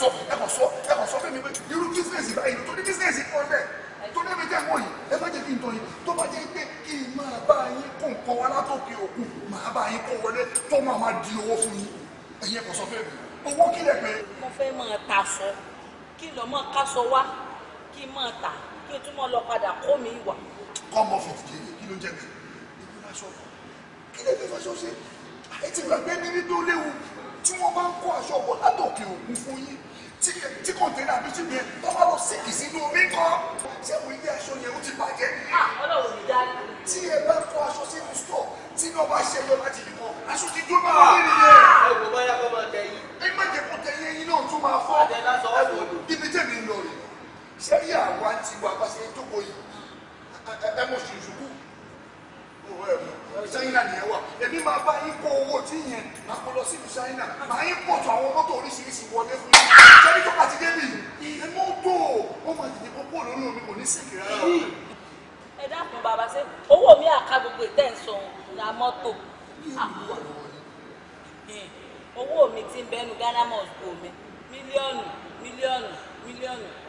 sọ ẹ sọ ẹ sọ fún pé irú bísíǹsì báyìí tó ní bísíǹsì kan bẹ́ẹ̀ tó débi tẹ́ wọ̀nyí ẹ má jẹ́ kí n tọ́ yín tó bá jẹ́ pé kí n máa bá yín kó nǹkan wá látòkè òkun máa bá yín kó wọlé tó máa máa di owó fún yín ẹ̀yin ẹ sọ fún mi owó kílẹ̀ pé. mo fẹ́ máa ta aṣọ kí lọ́ọ́ máa káṣọ wá kí máa tà kí o tún mọ́ lọ padà kó mi wà. come off of the kí ló ń jẹ mi èmi máa sọ kí lè fi fàṣọ ṣe ẹ ti gbàgbé mi níbi ó léwu tí wọ́n bá ń kó aṣọ bọ̀ látòkè òkun fún yín tí kọ̀ǹtẹ́nà àbí tí bẹ́ẹ̀ tó bá lọ síkì sínú omi kan ṣé mo ilé aṣọ yẹn ó ti bàjẹ́ ọlọ́run ìdá tí ẹ bá kó aṣọ sínú stọ̀ tí iná bá ṣe lọ láti yìí kan aṣọ ti dúró máa wọlé nìyẹn. ẹ wò báyà kọ́ máa tẹ yín. ẹ má jẹ́ kó tẹ yín ẹyin náà tún máa fọ́ ibi tẹ̀mí ń lọ rèé sẹ́rí àwa ti wà bá ṣe jókòó yìí ẹ mọ̀ ṣùṣùkú ṣáínà nìyẹn wà èmi máa bá yín kó owó tí yẹn máa kó lọ sílùú ṣáínà máa yín pọ̀jù àwọn mọ́tò oríṣiríṣi wọlé fún yín sẹ́rí tó bá ti débì yìí mọ́tò ó máa tètè kókó lórí omi kò ní sèkì rárá. ẹ dákun bàbá ṣe owó mi àka gbogbo ìtẹ̀sán ra mọ́tò owó mi ti ń bẹnu ghana mosque mi mílíọ̀nù mílíọ̀nù mílíọ̀nù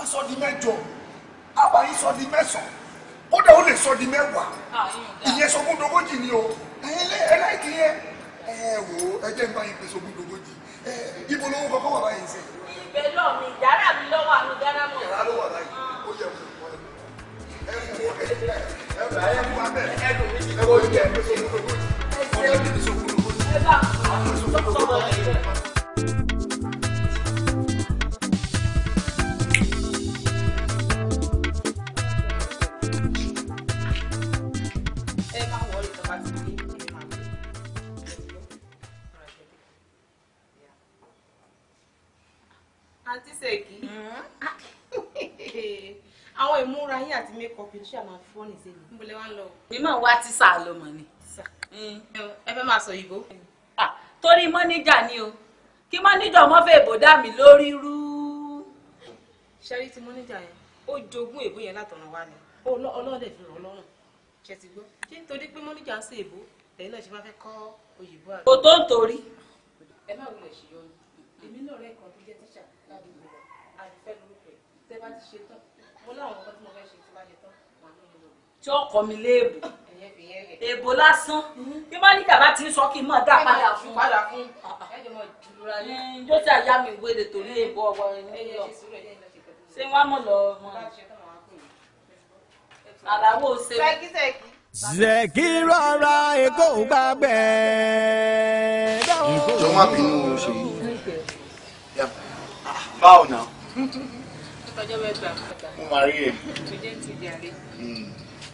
a sọ di mẹ́jọ àbáyé sọ di mẹ́sàn kódà ó lè sọ di mẹ́wàá ah, ìyẹn sọgún dogójì ni o ẹ̀yin lé ẹlẹ́kì yẹn ẹ wò ó ẹ jẹ́ nípa yìí pé sọgún dogójì ẹ ibo lówó kọ́kọ́ wà báyìí sẹ́yìn. ibẹ̀ mi yàrá mi lọ́wọ́ àmì dáná mọ́. yàrá ló wà báyìí ó yẹ kó kọ́ ẹ wò ó ẹ wò ẹ wò abẹ ẹ lò mí ẹ wò ó yẹ ẹ mi ni sọgún dogójì. ẹ bá a sọ sọ sọ àwọn ìmúra yín àti makeup yìí ṣe àmà fún ọ̀nì sẹ́yìn. n bolẹ̀ ń lọ. mi máa wá ló ni. ẹ fẹ́ sọ torí ni o kí mọ́níjà ọmọ fẹ́ mi lórí rú. ṣẹ́rí ti mọ́níjà yẹn ó jogún èbó yẹn látọ̀nà wa ni ọlọ́ọ̀dẹ̀ fi ràn lọ́rùn ṣe ti gbọ́ pé mọ́níjà ń ṣe èbó lẹ́yìn náà ṣe máa fẹ́ kọ́ òyìnbó kò tó ń torí. ẹ má mo láwọn nǹkan tí ó kọ mi léèbù èbò lásán mhm. bí má ní bàbá ti ń sọ kí n máa dá padà fún un yóò ti àyà mi wéde torí èbò ọgbà ní yọ ṣé wọn mọ lọ mọ àlàwọ ṣe. sẹ́kísẹ́kí rọra èkó gbàgbẹ́. jọ bínú ṣe ah, báwo náà. *laughs* tọjọ́ mẹ́ta. mo máa rí ẹ. tó jẹ́ ti di àárẹ̀. Hmm.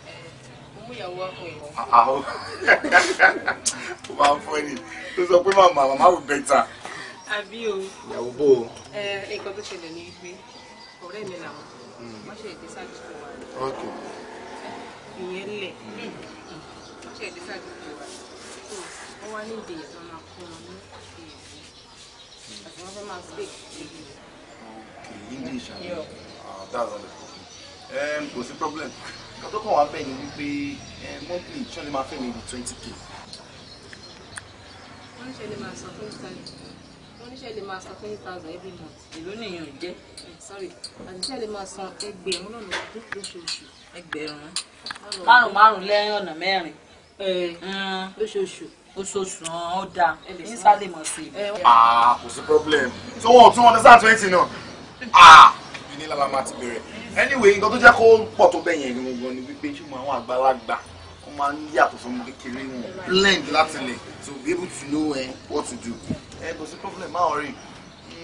Eh, mo mú ìyàwó ọkọ ìwọ. àwọn ah, ó ah, máa ń fọ ẹni tó sọ pé màmá màmá wò bẹ́tà. àbí o. ìyàwó bò ó. Eh, nǹkan tó ṣẹlẹ̀ ní pé ọ̀rẹ́ mi làwọn hmm. wọ́n ṣe èdè sáà tó wà. ìyẹn lẹ̀ hmm. wọ́n ṣe èdè sáà tó wà. wọ́n wá ní ìdèyẹ̀ tó máa kún un ní ìyẹn àti wọ́n fẹ́ máa gbé ìdèyẹ̀. English and uh, that's all the problem um, kò sí problem nǹkan tó kàn wá bẹ́ẹ̀ ni wípé um, monthly ṣọlẹ̀ máa fẹ́ mi ní twenty k. wọ́n ní ṣẹlẹ̀ máa san twenty thousand wọ́n ní ṣẹlẹ̀ máa san twenty thousand every month èló nìyẹn ò jẹ́ eh, sorry àti ṣẹlẹ̀ máa san ẹgbẹ̀rún lọ́nà lóṣooṣù ẹgbẹ̀rún márùn márùn lẹ́yìn ọ̀nà mẹ́rin eh, hmm. Hmm. lóṣooṣù oṣooṣù hàn ó dáa ní sálẹ̀ mọ̀ sí i. Eh, ah, kò sí problem tí wọ́n ò tún wọn ní sáà twenty náà ìní ah! lára máa ti bẹ̀rẹ̀ anyway nǹkan tó jẹ́ kó pọ̀ tó bẹ̀ yẹn gangan ni wípé ṣé mo àwọn àgbàlagbà wọ́n máa ń yàtọ̀ fún ọmọ kékeré wọn blend láti lè to be able to know eh, what to do ẹ kò sí problem máa rí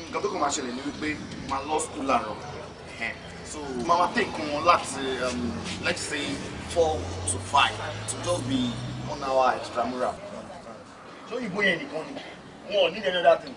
nǹkan tó kàn máa ṣẹlẹ̀ ni wípé máa lọ school àrọ̀ so máa máa take wọn láti um, let's say four to five to just be one hour extramural. ṣé òyìnbó yẹn nìkan ni wọn ò ní the other thing.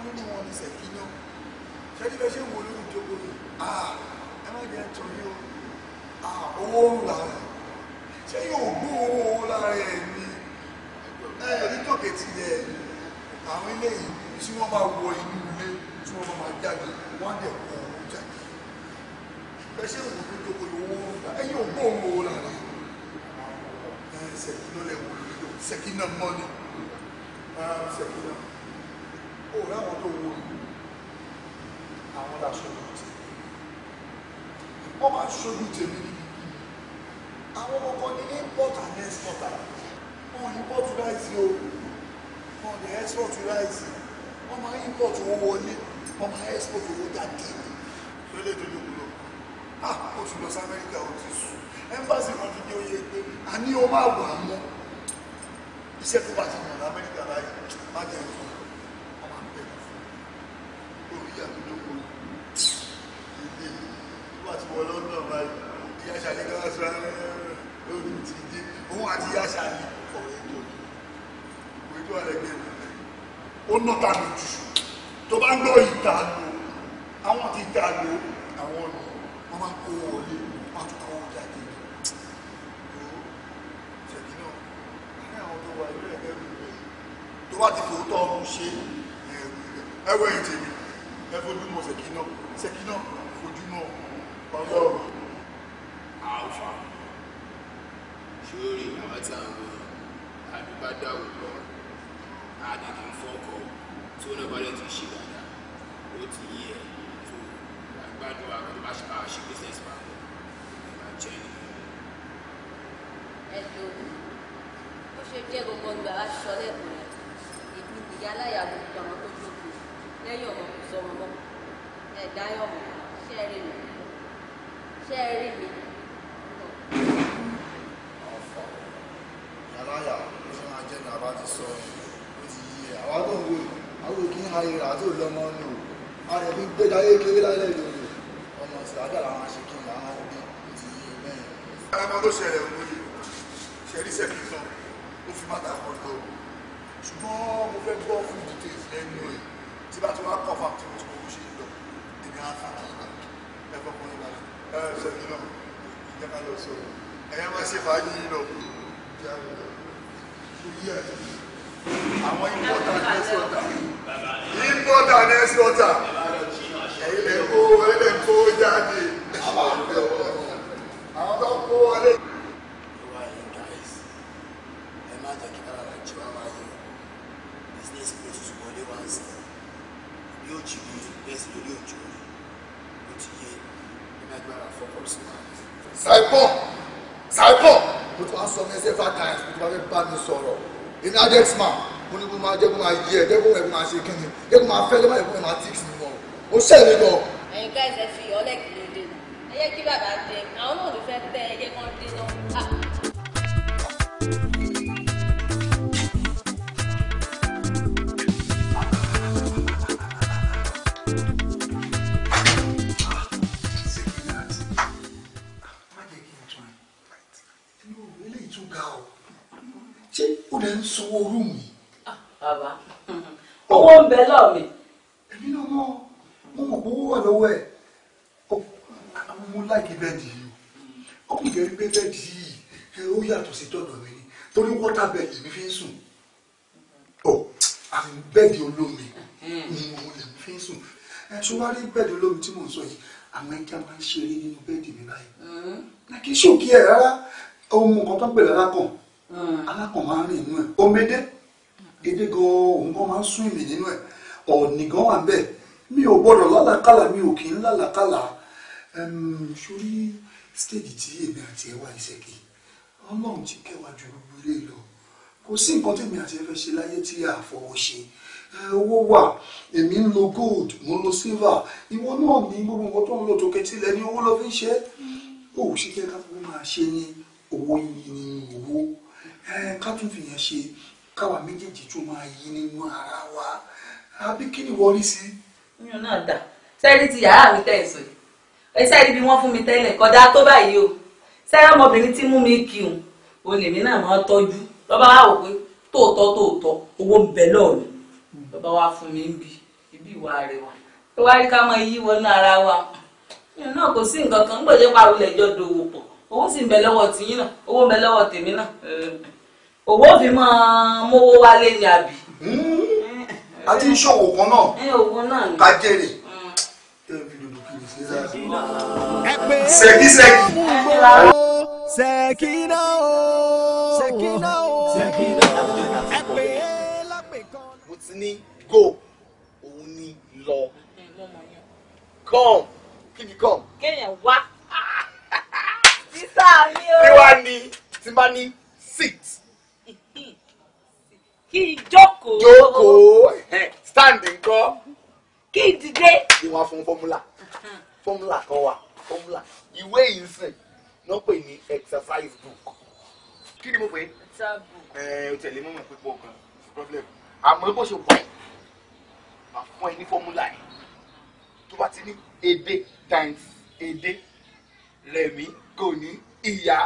ọ̀kan nínú wọn ní sẹ̀kí náà ṣẹ́ni bẹ́ẹ̀ ṣe ń wo lórí ìjókòó yìí ah, ẹ má jẹ́ torí o ah, owó ń lára ṣé yóò gbó owó lára ẹ̀ ni ẹ̀ rí tòkè tilẹ̀ àwọn ilé yìí tí wọ́n bá wọ inú ilé tí wọ́n bá máa jáde wọ́n á dẹ̀ wọ owó jáde bẹ́ẹ̀ ṣe ń wo lórí ìjókòó yìí owó ń lára ẹ yóò gbó owó lára ẹ̀ sẹ̀kí náà lẹ̀ wọ̀ náà mọ́ ni ah, sẹ̀kí náà ó rẹ àwọn tó wọ àwọn làṣọjú tì wọ́n máa ṣojú tèmi ní àwọn ọkọ ní import and export wọn import rice o wọn dey export rice wọn máa import owó wọlé wọn máa export owó jáde lọ́lẹ́ tó yóò lọ ah ó ti lọ sí Amẹ́ríkà ó ti sùn ẹ́mbásì kan ti dé oyè pé a ní o máa wà mọ́ iṣẹ́ tó bá ti yàn ní Amẹ́ríkà báyìí má jẹun fún wọ london báyìí ìyá ṣàlẹ̀ kan sọ lórí ti dé òun àti ìyá ṣàlẹ̀ ọ̀rẹ́ tó ní ojú ààrẹ gbẹ̀rù ó ná tàbí jù tó bá ń lọ ìta lò àwọn ti ta lò àwọn lò wọ́n máa ń kó wọlé wọ́n tún kọ́ wọ́n jáde ṣèkí náà ní àwọn tó wà ìlú ẹ̀gbẹ́rù rẹ̀ tó bá ti fòótọ́ ọ̀run ṣe ẹ̀rù rẹ̀ ẹ̀wẹ̀ ìtẹ̀lẹ̀ ẹ̀fọ́dún mọ̀ ọlọ́run alfa ṣórí àwọn tí a ń wọ àdúgbàdáwò lọ àdìdì ń fọkọ tó náà balẹ̀ tó ṣe dáadáa ó ti yí ẹ̀ tó àgbàdo àwọn tó bá ṣe máa ṣe business plan ìgbà jẹ́ ni. ẹ jọ ó ṣe jẹ́ gbogbo ìgbà aṣọ lẹ́kùn rẹ̀ ìpínlẹ̀ aláya gbogbo àwọn tó jókòó lẹ́yìn ọmọ kò sọ ọmọ ẹ̀dá yọ̀mọ̀ ṣẹ́ẹ̀rì nù ṣé ẹ rí mi. ọ̀fọ̀ yàráyà ló ṣe máa jẹ́ ní àbá ti sọ ó ti yí ẹ̀ àwa tó ń wò àwọn òkè ń ha ìrà àti òlọ́mọ nù a rẹ̀ fi gbé dayé kéré lálẹ́ ìlú ọmọ ìsìn àdàlà àwọn aṣèkìlì àwọn àgbẹ̀ ó ti yí ẹ bẹ́ẹ̀. alábà ló ṣẹlẹ̀ òmòye ṣẹ̀rí ṣẹ̀fí kan ó fi mátà kan tó ṣùgbọ́n mo fẹ́ gbọ́ fún details lẹ́nu ẹ̀ tí bá ti wá kọ́ fún àtúntò ṣe ń lọ èmi á fà lọ ẹ ṣẹ́jú náà jẹ́ ká lọ sọ ẹ̀yà máa important next water important next water. ṣe kí ni egun máa fẹ́ lọ́mọ ìwé máa tíì sí wọn o ṣẹ́ mi gan rí bẹ́ẹ̀dì olómi tí mò ń sọ yìí àwọn ẹja máa ń ṣeré nínú bẹ́ẹ̀dì mi báyìí na mm. kì í ṣòkí ẹ̀ rárá ohun nǹkan tó ń pè lálákàn mm. alákàn máa ń rìn nínú ẹ̀ omedé edé gan òun gan máa ń sún ìmì nínú ẹ̀ ọ̀ọ̀nì gan wà bẹ́ẹ̀ mi ò gbọ́dọ̀ lálàkàlà mi ò kì í lálàkàlà sórí stéèjì tí èmi àti ẹ̀ wà ìṣẹ́kì ọlọ́run ti kẹwàá ju gbogbo ilé lọ kò sí nǹkan tẹ̀mí àti ẹ fẹ́ ṣe láyé tí a ṣe owó wà èmi ń lo gold mo ń lo silver ìwọ náà ní gbogbo nǹkan tó ń lò tó kẹtí lẹ ní owó lọ fi ń ṣe ó ṣe jẹ́ ká fún máa ṣe ní owó yìí nínú owó ká tún fìyàn ṣe káwa méjèèjì tún máa yí nínú ara wa àbí kí ni wọ́n sí. oyún náà dà sẹ́ẹ̀rì ti yàrá mi tẹ̀ sọ yìí ẹ bí wọ́n fún mi tẹ́lẹ̀ kọjá tó báyìí o sẹ́ẹ̀rì ọmọbìnrin tí mú mi kí òun olèmí náà máa tọ́jú lọ́ba wà wò pé tóòtọ́ tóòtọ́ owó ń bẹ lọ́ọ̀rùn bá wá fún ibi ìwà àrẹwà tó wá rí ká ara wa ìyẹn náà kò sí nǹkan kan gbọ́dọ̀ pariwo lẹ́jọ́ owó sì owó náà owó fi ni hmm? a ti nso kan náà ká go òun ni lọ come kí ni come. kéèyàn wá sísá mi o. kí wàá ní tí bá ní sit. kí n jókòó. jókòó stand ńkọ́. kí n dìde. ìwà fún fọ́múlà fọ́múlà kan wà fọ́múlà ìwé yìí sìn ló pè ní exercise book. kí ni mo pè é. exercise book. ẹ ẹ o tẹ̀lé mọ́mọ́ pípọ̀ kan problem àmọ́ bó ṣe wà yìí máa fún ẹ ní fọ́múlà yẹn tó bá ti ní èdè times èdè rẹ̀mí kò ní ìyá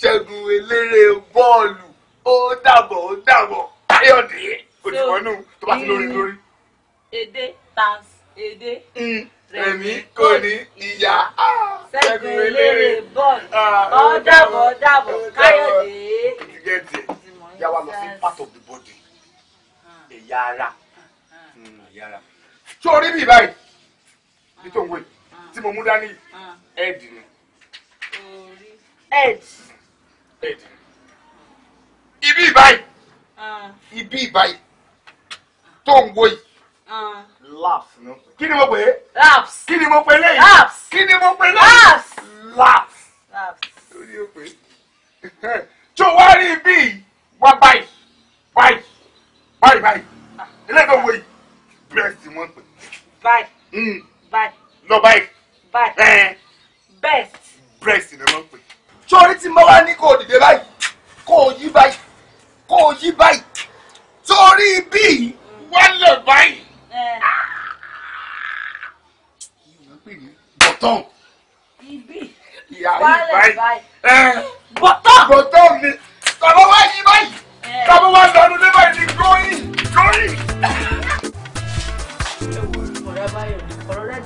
ṣẹ́gun eléré bọ́ọ̀lù ó dàbọ̀ ó dàbọ̀ káyọ̀dé òdìbọnú tó bá ti lórí mm, lórí. èdè times èdè mm, rẹ̀mí kò ní ìyá ah, ṣẹ́gun eléré bọ́ọ̀lù ah, ó dàbọ̀ ó dàbọ̀ káyọ̀dé. yàrá lọ sí part of the body hmm. ẹ̀yà ara sórí bíi báyìí bí tó ń wé tí mo mú dání ẹ̀ẹ́dì ah. ni ẹ̀ẹ́dì ẹ̀ẹ́dì ibi ìbáyìí ah. ibi ìbáyìí tó ń wé yìí ah. laps ni kí ni mo pè é laps kí ni mo pè é lẹ́yìn laps kí ni mo pè é lẹ́yìn laps laps lórí o pè é tó wá rí ibi wá báyìí báyìí báyìí báyìí ilé tó wé yìí breast wọn pè. Bye. báyìí. lọ báyìí. báyìí. breast. breast ni wọ́n pè. Hmm. sórí tí mo wá ní kó dìde buy. Call you yí báyìí kó o yí báyìí torí bí wọ́n lè báyìí. bọ̀tán. ibi wálẹ̀ Button. Button. Come on, tàbá wá yí báyìí tàbá wá lọ́nu lé báyìí ni gbóyìn gbóyìn. Adébáyọ̀ ọ̀rọ̀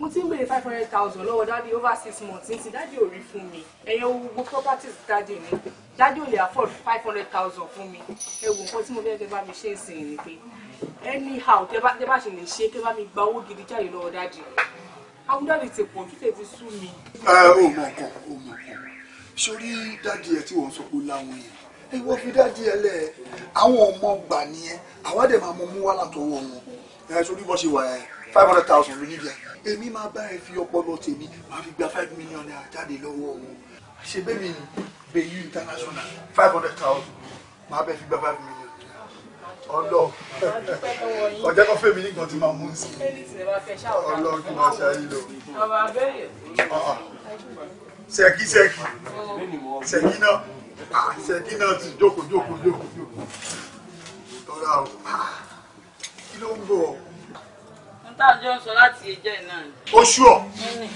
mo ti ń béèrè five hundred thousand lọ́wọ́ dáàdì over six months ní ti dáàdì ò rí fún mi ẹ̀yẹ gbogbo properties dáàdì ni dáàdì ò lè afford five hundred thousand fún mi ẹ wo nǹkan tí mo fẹ́ kẹ́ bá mi ṣe ìsìn ni pé anyhow tẹ́ bá tẹ́ bá ṣe lè ṣe kẹ́ bá mi gba owó gidi jáde lọ́wọ́ dáàdì àwọn dáàdì ti pọ̀ títẹ̀ ti sú mi. ẹ ò mọ̀ nǹkan ò mọ̀ nǹkan sórí dáàdì ẹ tí wọ́n sọ pé láwọn yẹn ìwọ fi dáàdì ẹ lẹ àwọn ọmọ gbà nìyẹn àwa dẹ̀ máa mọ mú wàhálà tó wọ̀ wọn ẹ sórí bọ́ ṣe wà ẹ five hundred thousand ló níbi ẹ èmi máa bá ẹ fi ọpọlọ tèmi máa fi gba five million naira jáde lọ́wọ́ wọn ṣe bẹ́ẹ̀ mi bẹ̀yì international five hundred thousand máa bẹ́ẹ̀ fi gba five million ọlọ ọjọ́ kan fèmí nìkan ti máa mú un sí ọlọ kí máa ṣe ayé lọ sẹ́kí sẹ́kí sẹ́kí náà sẹ́kí ah, náà ti jókòó jókòó jókòó tọ́ra o. Ah kí ló ń gbọ́ ọ. n tá a jọ ń sọ láti ìjẹ́ náà. oṣù ọ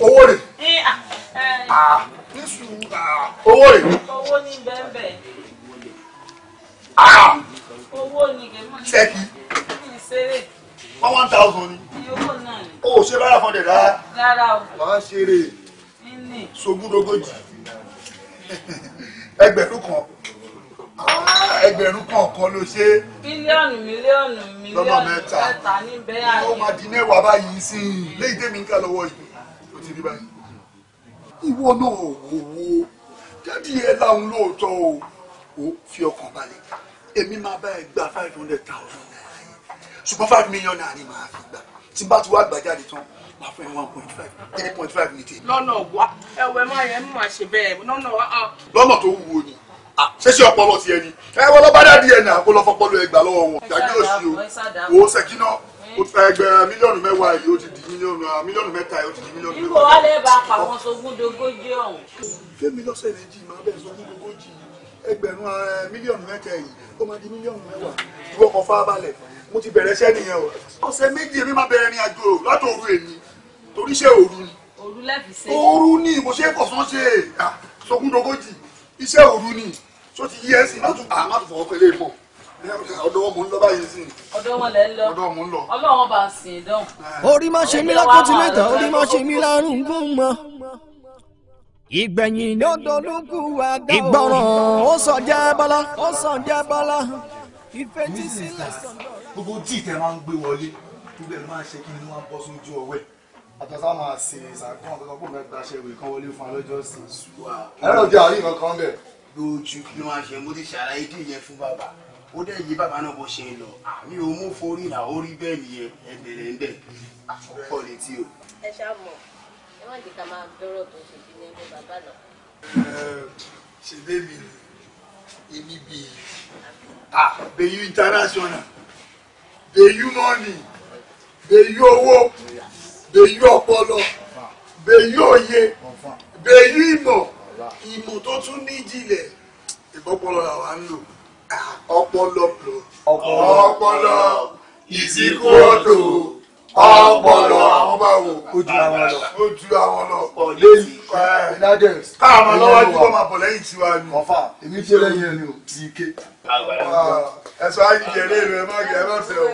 owó rẹ̀. nísù owó rẹ̀. owó ní bẹ́ẹ̀bẹ́ẹ̀. owó ní gẹ̀mọ́. sẹ́kì. ìṣeré. wọ́n one thousand ni. owó náà ni. o ò ṣe bára fún ọ̀dẹ̀ rárá. rárá o. wàá ṣeré. sogúndogójì. ẹgbẹ̀rún kan ẹgbẹ̀rún kọ̀ọ̀kan ló ṣe. bílíọ̀nù mílíọ̀nù mílíọ̀nù mẹ́ta níbẹ̀ àyè. ó máa di mẹ́wàá báyìí sí i léyìí tèmi ń kà lọ́wọ́ yìí ó ti rí báyìí. ìwọ náà wò wò jáde yẹn láwọn lóòótọ́ o ò fi ọkàn balẹ̀ èmi máa bá ẹ gba five hundred thousand naira yẹn ṣùgbọ́n five million naira ni màá fi gbà tí bá ti wá gbà tán máa fún ẹ one point five three point five ní tèmi. lọ́nà wa ẹ̀wẹ̀ máa yẹn mú àṣẹ bẹ́ẹ̀ lọ́nà wa. Ah. lọ́nà tó wúwo ni Ah, ṣẹṣẹ ọpọlọ ti ẹni ẹ wọ́n lọ bá dá díẹ̀ náà kó lọ fọpọlọ ẹgbà lọ́wọ́ wọn ìdájọ́ sí o owó sẹ́kínà ẹgbẹ́ mílíọ̀nù mẹ́wàá yìí ó ti di mílíọ̀nù mílíọ̀nù mẹ́ta yìí ó ti di mílíọ̀nù mẹ́wàá. ibò alẹ́ bá pa àwọn sogúndogójì ọ̀hún. fẹ́mi lọ́sẹ̀ méjì máa bẹ̀ sogúndogójì ẹgbẹ̀rún mílíọ̀nù mẹ́ta yìí ó máa di mílíọ̀nù mẹ́wàá ìwọ kan fáabalẹ̀ mo ti bẹ̀rẹ̀ iṣẹ́ nìyẹn o. ọ̀sẹ̀ méjì èmi máa bẹ̀rẹ̀ ní àjò látòru èmi torí iṣẹ́ òru ni. òru lẹ́fì iṣẹ́ òru ni tó ti yẹ sí má tún má tún fọwọ́ pẹ̀lẹ́ mọ́ ọ̀dọ̀ wọn mò ń lọ báyìí sí. ọ̀dọ̀ wọn lẹ ń lọ ọ̀dọ̀ wọn lọ Ọlọ́run bá sìn dán. orí má ṣe mí lákó ti mẹ́ta orí má ṣe mí lárùn gbọmọ. ìgbẹ̀yìn ló dolókù àgbà ìgbọràn ó sọ jẹ́ bọ́lá ó sọ jẹ́ bọ́lá ìfetísílẹ̀ sọ̀dọ̀ rẹ̀. gbogbo tí ìtẹ̀ máa ń gbé wọlé gbogbo ẹ̀ máa ń ṣe kí ni wọ́n á bọ́ sójú ọwẹ́ àtọ́sá máa ṣe ìsàkàn tó tọ́kùn mẹ́ta ṣe ìwé kan wọlé fún alọ́jọ́ sí ìṣúwà. ẹ̀rọ jẹ́ àrí kan bẹ̀. lójú kí ló ṣe mo ti ṣàlàyé kí ìyẹn fún bàbá ó dẹ̀ yí bàbá náà bó ṣe lọ àmì òmù forí là ó rí bẹ́ẹ̀ nìyẹn ẹ̀bẹ̀rẹ̀ ń bẹ̀ àkọ́kọ́ létí o. ẹ ṣáà mọ̀ ẹ má dìka máa dọ́rọ̀ tó ṣe bí ẹgbẹ́ bàbá lọ. ṣe bébì ni èmi bì í ah bẹ̀yù international bẹ̀yù money bẹ̀yù owó bèyí ọpọlọ bèyí òye bèyí ìmọ̀ ìmọ̀ tó tún ní ìjìnlẹ̀ ìpọpọlọ làwa ń lò ọpọlọ lò ọpọlọ ìsìnkú odò ọpọlọ àwọn bá wò ó ju àwọn lọ ó ju àwọn lọ pọ lẹ́yìn nades káàmà lọ́wọ́ tí wọn máa bọ lẹ́yìn tiwa ni ọfà èmi tí lẹ́yìn ẹni o ti ké ẹsọ ayíjẹ lẹ́yìn rẹ má gẹ ẹ má fẹ o.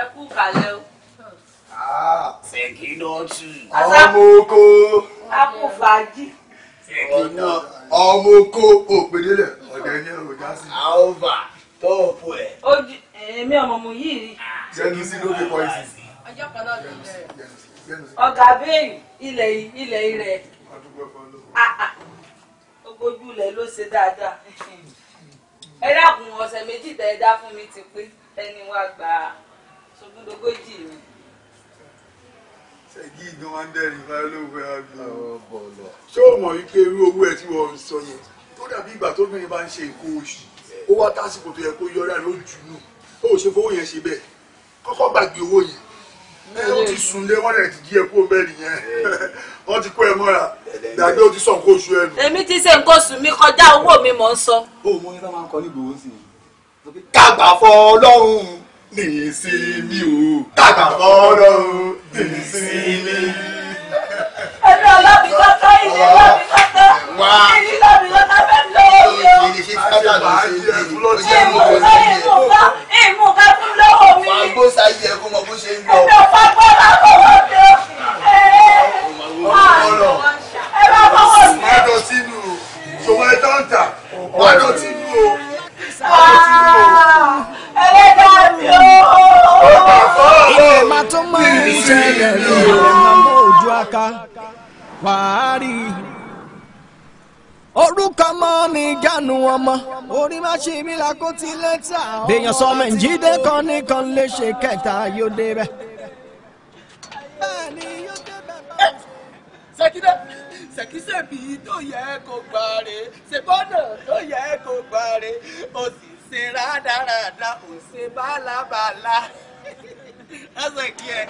ẹ kú kàlẹ́ o. Fẹ̀kínọ́tù. Ọmọ oko. Akúfàájì. Fẹ̀kínọ́. Ọmọ oko òpèdélẹ̀ ọ̀dẹ ní ọ̀rọ̀já sí. Àọ́fà tọ́ọ̀pù ẹ̀. Ojú èmi ọmọ mo yìí rí. Jẹ́nu sí ló fi kọ́ ìsìn. Ọjọ́ kan náà ló ń bẹ̀rẹ̀. Ọ̀gá bẹ́ẹ̀ ilẹ̀ ilẹ̀ rẹ̀. Ogójú ilẹ̀ ló ṣe dáadáa. Ẹ dákun ọ̀sẹ̀ méjì tẹ́ ẹ dá fún mi ti pé ẹni wá gba ṣogúndogójì mi ṣègí gan máa ń dẹ́rìn bá olóògbé àbí. ṣé o mọ̀ wípé irú owó ẹ tí wọ́n sọ yẹn tó dàbí ìgbà tóbìnrin bá ń ṣe nǹkan oṣù ó wá tásìkò tó yẹ kó yọrí àná jù nù ó ṣe fowó yẹn ṣe bẹ́ẹ̀ kọ́kọ́ gbàgbé owó yẹn ẹ o ti sùn lé wọn rẹ ti jí ẹ kó bẹ́ẹ̀ nìyẹn *laughs* wọn ti kó ẹ mọ́ra dàgbé o ti sọ nǹkan oṣù ẹnu. èmi ti ṣe nǹkan oṣù mi kọjá owó mi mò ń sọ. o mọ iná máa ń kọ ní gbòòsì ká gbà fọ Ọlọ́run nìṣe mi ò tàgbà fọ́ọ́rọ́ o nìṣe mi. ẹni ọlọ́bì kọ́tọ́ ilé lọ́bì kọ́tọ́ ilé lọ́bì kọ́tọ́ fẹ́ lọ́wọ́ mi o. ìmú ká ìmú ká ìmú ká fún lọ́wọ́ mi. wàá gbó sáyé ẹ kó mọ bó ṣe ń lọ. ẹni ọ̀pá gbọ́ lábọ̀ wọ́n mi o. ẹ bá fọwọ́ sí. má dọ̀tí nù o ṣòwò ẹ tó ń tà dọ̀tí nù o ẹlẹ́dàá mi ooo. ilé ma tó mọ ìṣẹ̀lẹ̀ lóore màmá òjò aka wàá rí i. orúkọ ọmọ ní ìjánu ọmọ orí má ṣe mí la kó ti lẹ́tà. èèyàn sọ Mẹ́ǹjídé kan nìkan lè ṣe kẹta yóò débẹ̀. bẹ́ẹ̀ ni yóò débẹ̀ bá. ṣèkídé ṣèkíṣèbí tó yẹ kó gbàre ṣèbọ́nà tó yẹ kó gbàre ó sì ṣe rádaràda ó ṣe bálabàla lásán *laughs* kí ẹ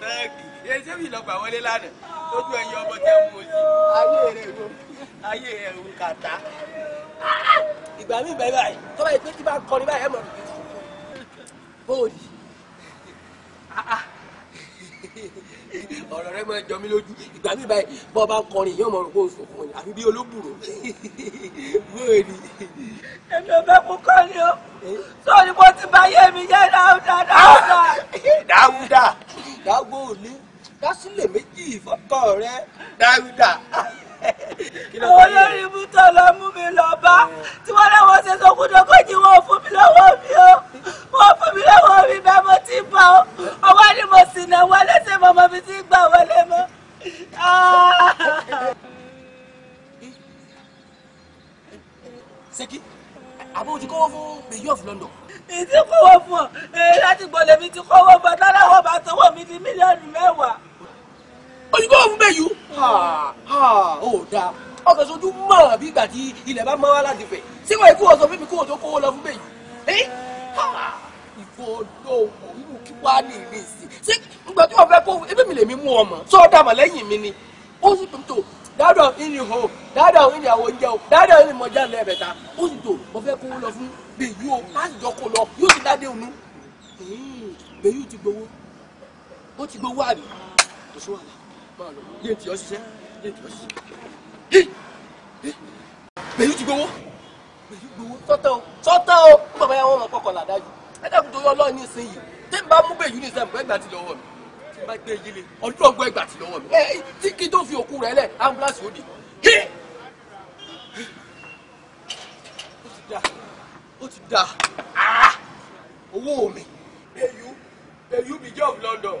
tọ́ọ̀kì ẹ ṣé mi lọ gbà wọlé lánàá lójú ẹyin ọmọ tẹ mú sí ayé rẹ wo ayé rẹ wo kàtá. ìgbà mi bẹ́ẹ̀ báyìí tọ́ba yìí pé kí bá kọrin báyìí ẹ̀ mọ̀ bóòlì. Ah, ah ọ̀rọ̀ rẹ máa jọ mí lójú ìgbà mi báyìí bọ́ bá ń kọrin yóò mọ̀ kó o sọ fún mi àfi bí olóbùrò bóyè *laughs* ni. èmi ò fẹ́ kú kọ́ni o sórí bó ti bá yé mi yé dáúdà dáúdà. *laughs* dáúdà dáúgbò òní dásílẹ̀ méjì ìfọ́kọ̀ rẹ dáúdà àwọn olórí ibùtọ̀ lọ mú mi lọ bá tí wọ́n lọ́wọ́ ṣe sọ fún dọ́kọ́jì wọn ò fún mi lọ́wọ́ mi o wọn ò fún mi lọ́wọ́ mi bẹ́ẹ̀ mo ti bọ̀ ọ́ ọwọ́ ni mo sì nà wọ́n lẹ́sẹ̀ mọ́mọ́ mi ti gbà wọlé mọ́. Ah! Ṣèkí àbójú kọ́wọ́ fún Bèyí of London ìdí kọ́wọ́ fún ọ láti gbọ́dọ̀ mi ti kọ́wọ́ bọ̀ tọ́lá wọ́n bá tọwọ́ mi di mílíọ̀nù mẹ́wàá ojú bọ́ọ̀ fún bẹ́ẹ̀ yú. ó dáa ọkọ̀ sojú mọ̀ bí ìgbà tí ilẹ̀ bá mọ́ wá láti fẹ̀ ṣé wàá ikú ọ̀sán fún mi kó o tó kówó lọ fún bẹ́ẹ̀ yú. ìfọ̀ ọlọ́wọ̀ irú kí wá ní ilé sí ṣé ìgbà tí wọ́n fẹ́ kó ebí mi lè mi mú ọmọ sọ́ọ́dà mọ̀ lẹ́yìn mi ni ó sì tó dáadọ̀ ìní hó dáadọ̀ ìní àwọn oúnjẹ o dáadọ̀ ìní mọ̀já lẹ́ẹ̀bẹ̀ta ó sì tó mo fẹ́ kówó lọ fún bẹ́ẹ̀ yú o láti jọ kó lọ yóò ti dáadé òun bẹ́ẹ̀ yú ti gbowó ó ti gbowó àbí kò sí wàhálà yé ntì ọ̀ṣiṣẹ́ yé ntì ọ̀ṣiṣẹ́ bẹ̀yù ti gbowó bẹ̀yù gbowó sọ́tọ̀ o sọ́tọ̀ o fún bàbá yẹn wọ́n mọ̀ kọ́kọ́ làdájú ẹ dẹ́kun torí ọlọ́run ní ìsìn yìí tí n bá mú bẹ̀yù ní ìsàmù ẹgbàá ti lọ́wọ́ mi tí n bá gbé yílé ọdún ọgbọ́n ẹgbàá ti lọ́wọ́ mi ẹ tí kí tó fi òkú rẹ lẹ̀ ambulance ó dé ó ti dà ó ti dà ah! owó mi bẹ̀yù bẹ̀yù bìjọ́ of London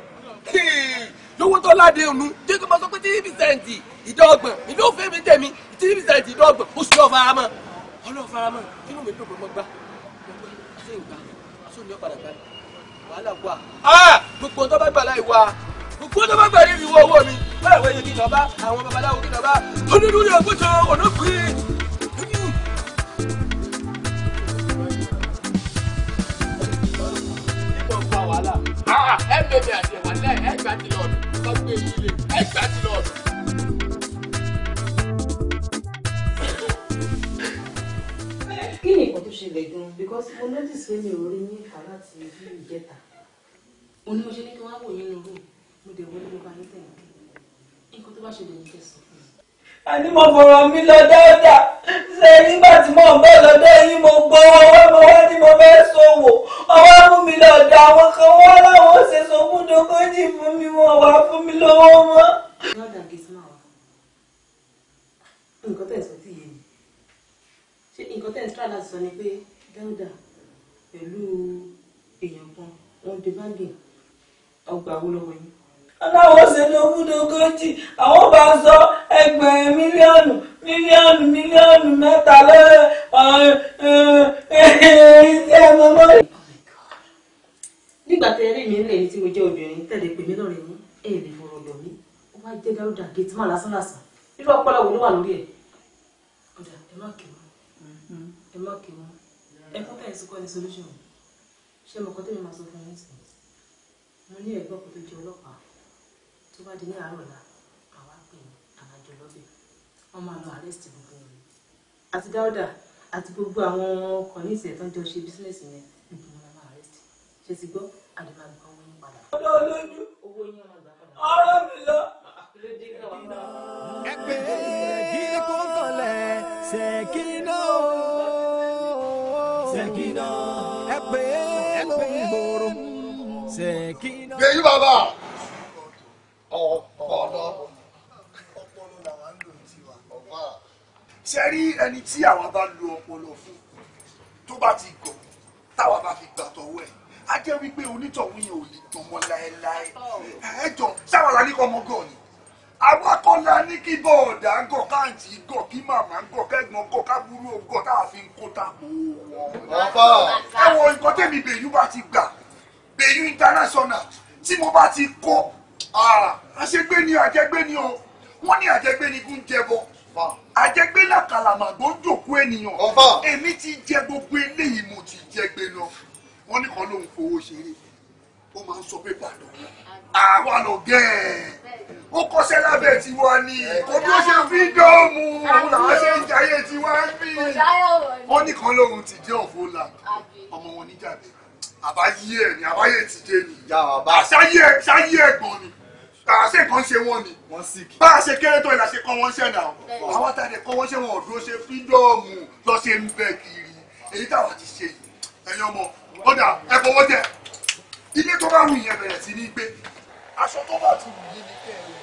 lówó tó láde ònu jẹ́ kí n bá sọ pé three percent ìdọ́gbọ̀n ìdó òfé tẹ̀mí three percent ìdọ́gbọ̀n oṣù ọ̀faramọ́ ọlọ́ọ̀faramọ́ inú mi dùn pé mo gbá mo gbá sí ìgbà sóò ní ọ̀padà gbá wàhálà wà á ah! gbogbo tó bá gbà láì wá gbogbo tó bá gbà ní ìwọ owó mi báwo ẹni kí kí n lọ bá onírúurú ọgbọ́jọ ọ̀nà kùn wàhálà. Ah, ẹ̀ẹ́dẹ̀gbẹ̀ àti ìwàlẹ̀ because mo notice pé mi ò rí ní ìfà láti ibi ìjẹta. mo ní mo ṣe ní kí wọ́n á wò yín nínú rúùmù mo dẹ̀ wọlé mo bá yín tẹ̀lé nǹkan tó bá ṣẹlẹ̀ ní kẹsàn-án àní mo fọ̀rọ̀ mi lọ dáadáa ṣe nígbà tí mo bọ́ lọ́dọ̀ yín mo gbọ́ ọwọ́ mo wá ní mo fẹ́ ṣòwò ọwọ́ mú mi lọ́dọ̀ àwọn kan wá láwọn ṣe sọkúndógójì fún mi wọn wá fún mi lọ́wọ́ mọ́. nǹkan tẹ̀ sọ ti yé mi ṣé nǹkan tẹ̀ ń tíra láti sọ ni pé dáúdà pẹ̀lú èèyàn kan wọ́n dé báńgì ọgbà owó lọ́wọ́ yín. aláwọ̀ ṣe ló egbe àwọn bá sọ ẹgbẹ̀rún mílíọ̀nù mílíọ̀nù oh nígbà tẹ rí mi nílẹ̀ tí mo jẹ́ obìnrin tẹ̀lé pèmí lọ́rẹ̀ mú ẹ̀ lè lọ mí ó wá má lásán lásán irú ọpọlọ wo wà lórí ọ̀dà ẹ má kí wọn ẹ má kí wọn tó bá di ní àárọ̀ la àwa pè ní àwàjọ lọ́bẹ̀ wọ́n máa lọ arrest gbogbo wọn àti dáúdà àti gbogbo àwọn ọkọ̀ ní ìsẹ̀ tó ń jọ ṣe bísínẹ́sì yẹn gbogbo wọn máa arrest ṣe ti gbọ́ àdìbò àgbà owó yín padà. ọ̀dọ́ olójú owó yín ọ̀nà àgbà padà. ọ̀rọ̀ mi lọ. ẹ pé kí ni kò kọlẹ̀ ṣèkínà ṣèkínà ẹ pé ló gbòòrò ṣèkínà. bẹ́ẹ̀ bàbá ọpọlọ ọpọlọ làwọn ń lò ní tiwa ọba ṣe rí ẹni tí àwọn bá lo ọpọlọ fún tó bá ti gọ̀ táwa bá fi gbà tọwọ́ ẹ̀ á jẹ́ wípé onítọ̀hún yẹn ò lè tọ́ mọ́ láéláé ẹ jọ sáwọn la ní ọmọ gọ̀ ni àwa kọ́ la ní kí bọ́ọ̀dà ń gọ̀ káàntì gọ̀ kí màmá ń gọ̀ kẹ́gbọ́n gọ̀ kábúrò gọ̀ táwa fi ń kó tako wọn. ẹ wo nǹkan tẹ̀mí bèyú bá ti gbà bèyú international tí mo bá ti kọ́ ara ah, àṣegbé ni àjẹgbé ni o wọ́n ní àjẹgbé ni kún jẹbọ àjẹgbé làkàlàmàgbò ń jòkó ènìyàn èmi ti jẹ gbogbo eléyìí mo ti jẹgbé lọ wọ́n ní kan ló ń fowó ṣeré ó máa ń sọ pé bàdàn àwa lọ gẹ́ ẹ̀ ó kọ́ṣẹ́ lábẹ́ tiwa ni kò bí ó ṣe fi dọ́ọ̀mù òun làwọn ṣe ń jayé tiwa ń bì wọ́n ní kan lóhun ti jẹ́ òfò là ọmọ wọn níjàdé àbáyé ẹ̀ ni àbáyé ti dé ni àṣàyé ẹ̀ ṣáyé ẹ̀ gan ni àṣẹ kan ṣe wọn ni bá a ṣe kéré tó ìlàṣẹ kan wọn ṣẹ náà àwọn tá a lè kọ wọn ṣe wọn ò dúró ṣe fídọ́ọ̀mù lọ ṣe ń bẹ kiri èyí táwa ti ṣe yìí ẹ̀yin ọmọ ó dà ẹ fọwọ́ tẹ ilé tó bá wù yẹn bẹ̀rẹ̀ sí ní gbé aṣọ tó bá ti wù yín ni kẹ́ ẹ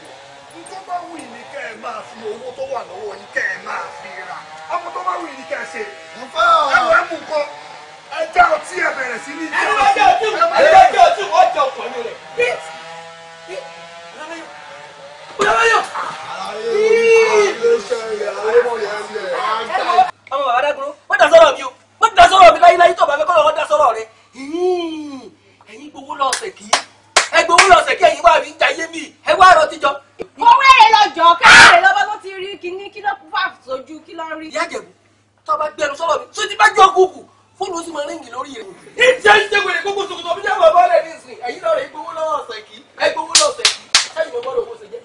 wọ̀ tó bá wù yín ni kẹ́ ẹ máa fi owó tó wà lọ́wọ́ yín kẹ́ ẹ máa fi rà ọmọ tó bá wù yín ni kẹ́ ẹ ṣe ẹ ẹ mú ọtí ẹ bẹ̀rẹ̀ sí ní. ẹ ẹ jẹ́ ọtí wọ́n jẹ́ rẹ̀ ọmọ bàbá dákúrú wọ́n dá sọ́rọ̀ mi o wọ́n dá sọ́rọ̀ mi láyé láyé tó bàbá kọ́ lọ́wọ́ dá sọ́rọ̀ rẹ ẹ̀yin gbowó lọ́sẹ̀ kí ẹ gbowó lọ́sẹ̀ kí ẹ̀yin wá rí jayé mi ẹ wá rọ tíjọ. mo wéèrè e lọ́jọ́ káàkiri e lọ́ba tó ti rí kíní kí ló fà sójú kí ló rí. ìyá jẹ̀bù tó bá gbẹnu sọ́rọ̀ mi sójú bá jọ kúkú fóònù sì máa ríngì lórí rẹ̀. ìjẹ́ ìjẹ́ wèrè gbogbo sòkòtò ọ̀bí jẹ́ bàbá rẹ̀ nísìnyí ẹ̀yin lọ́rẹ̀ ẹ gbowó lọ́sẹ̀ kí ẹ gbowó lọ́sẹ̀ kí sẹ́yìn bàbá rẹ̀ owó ṣe jẹ́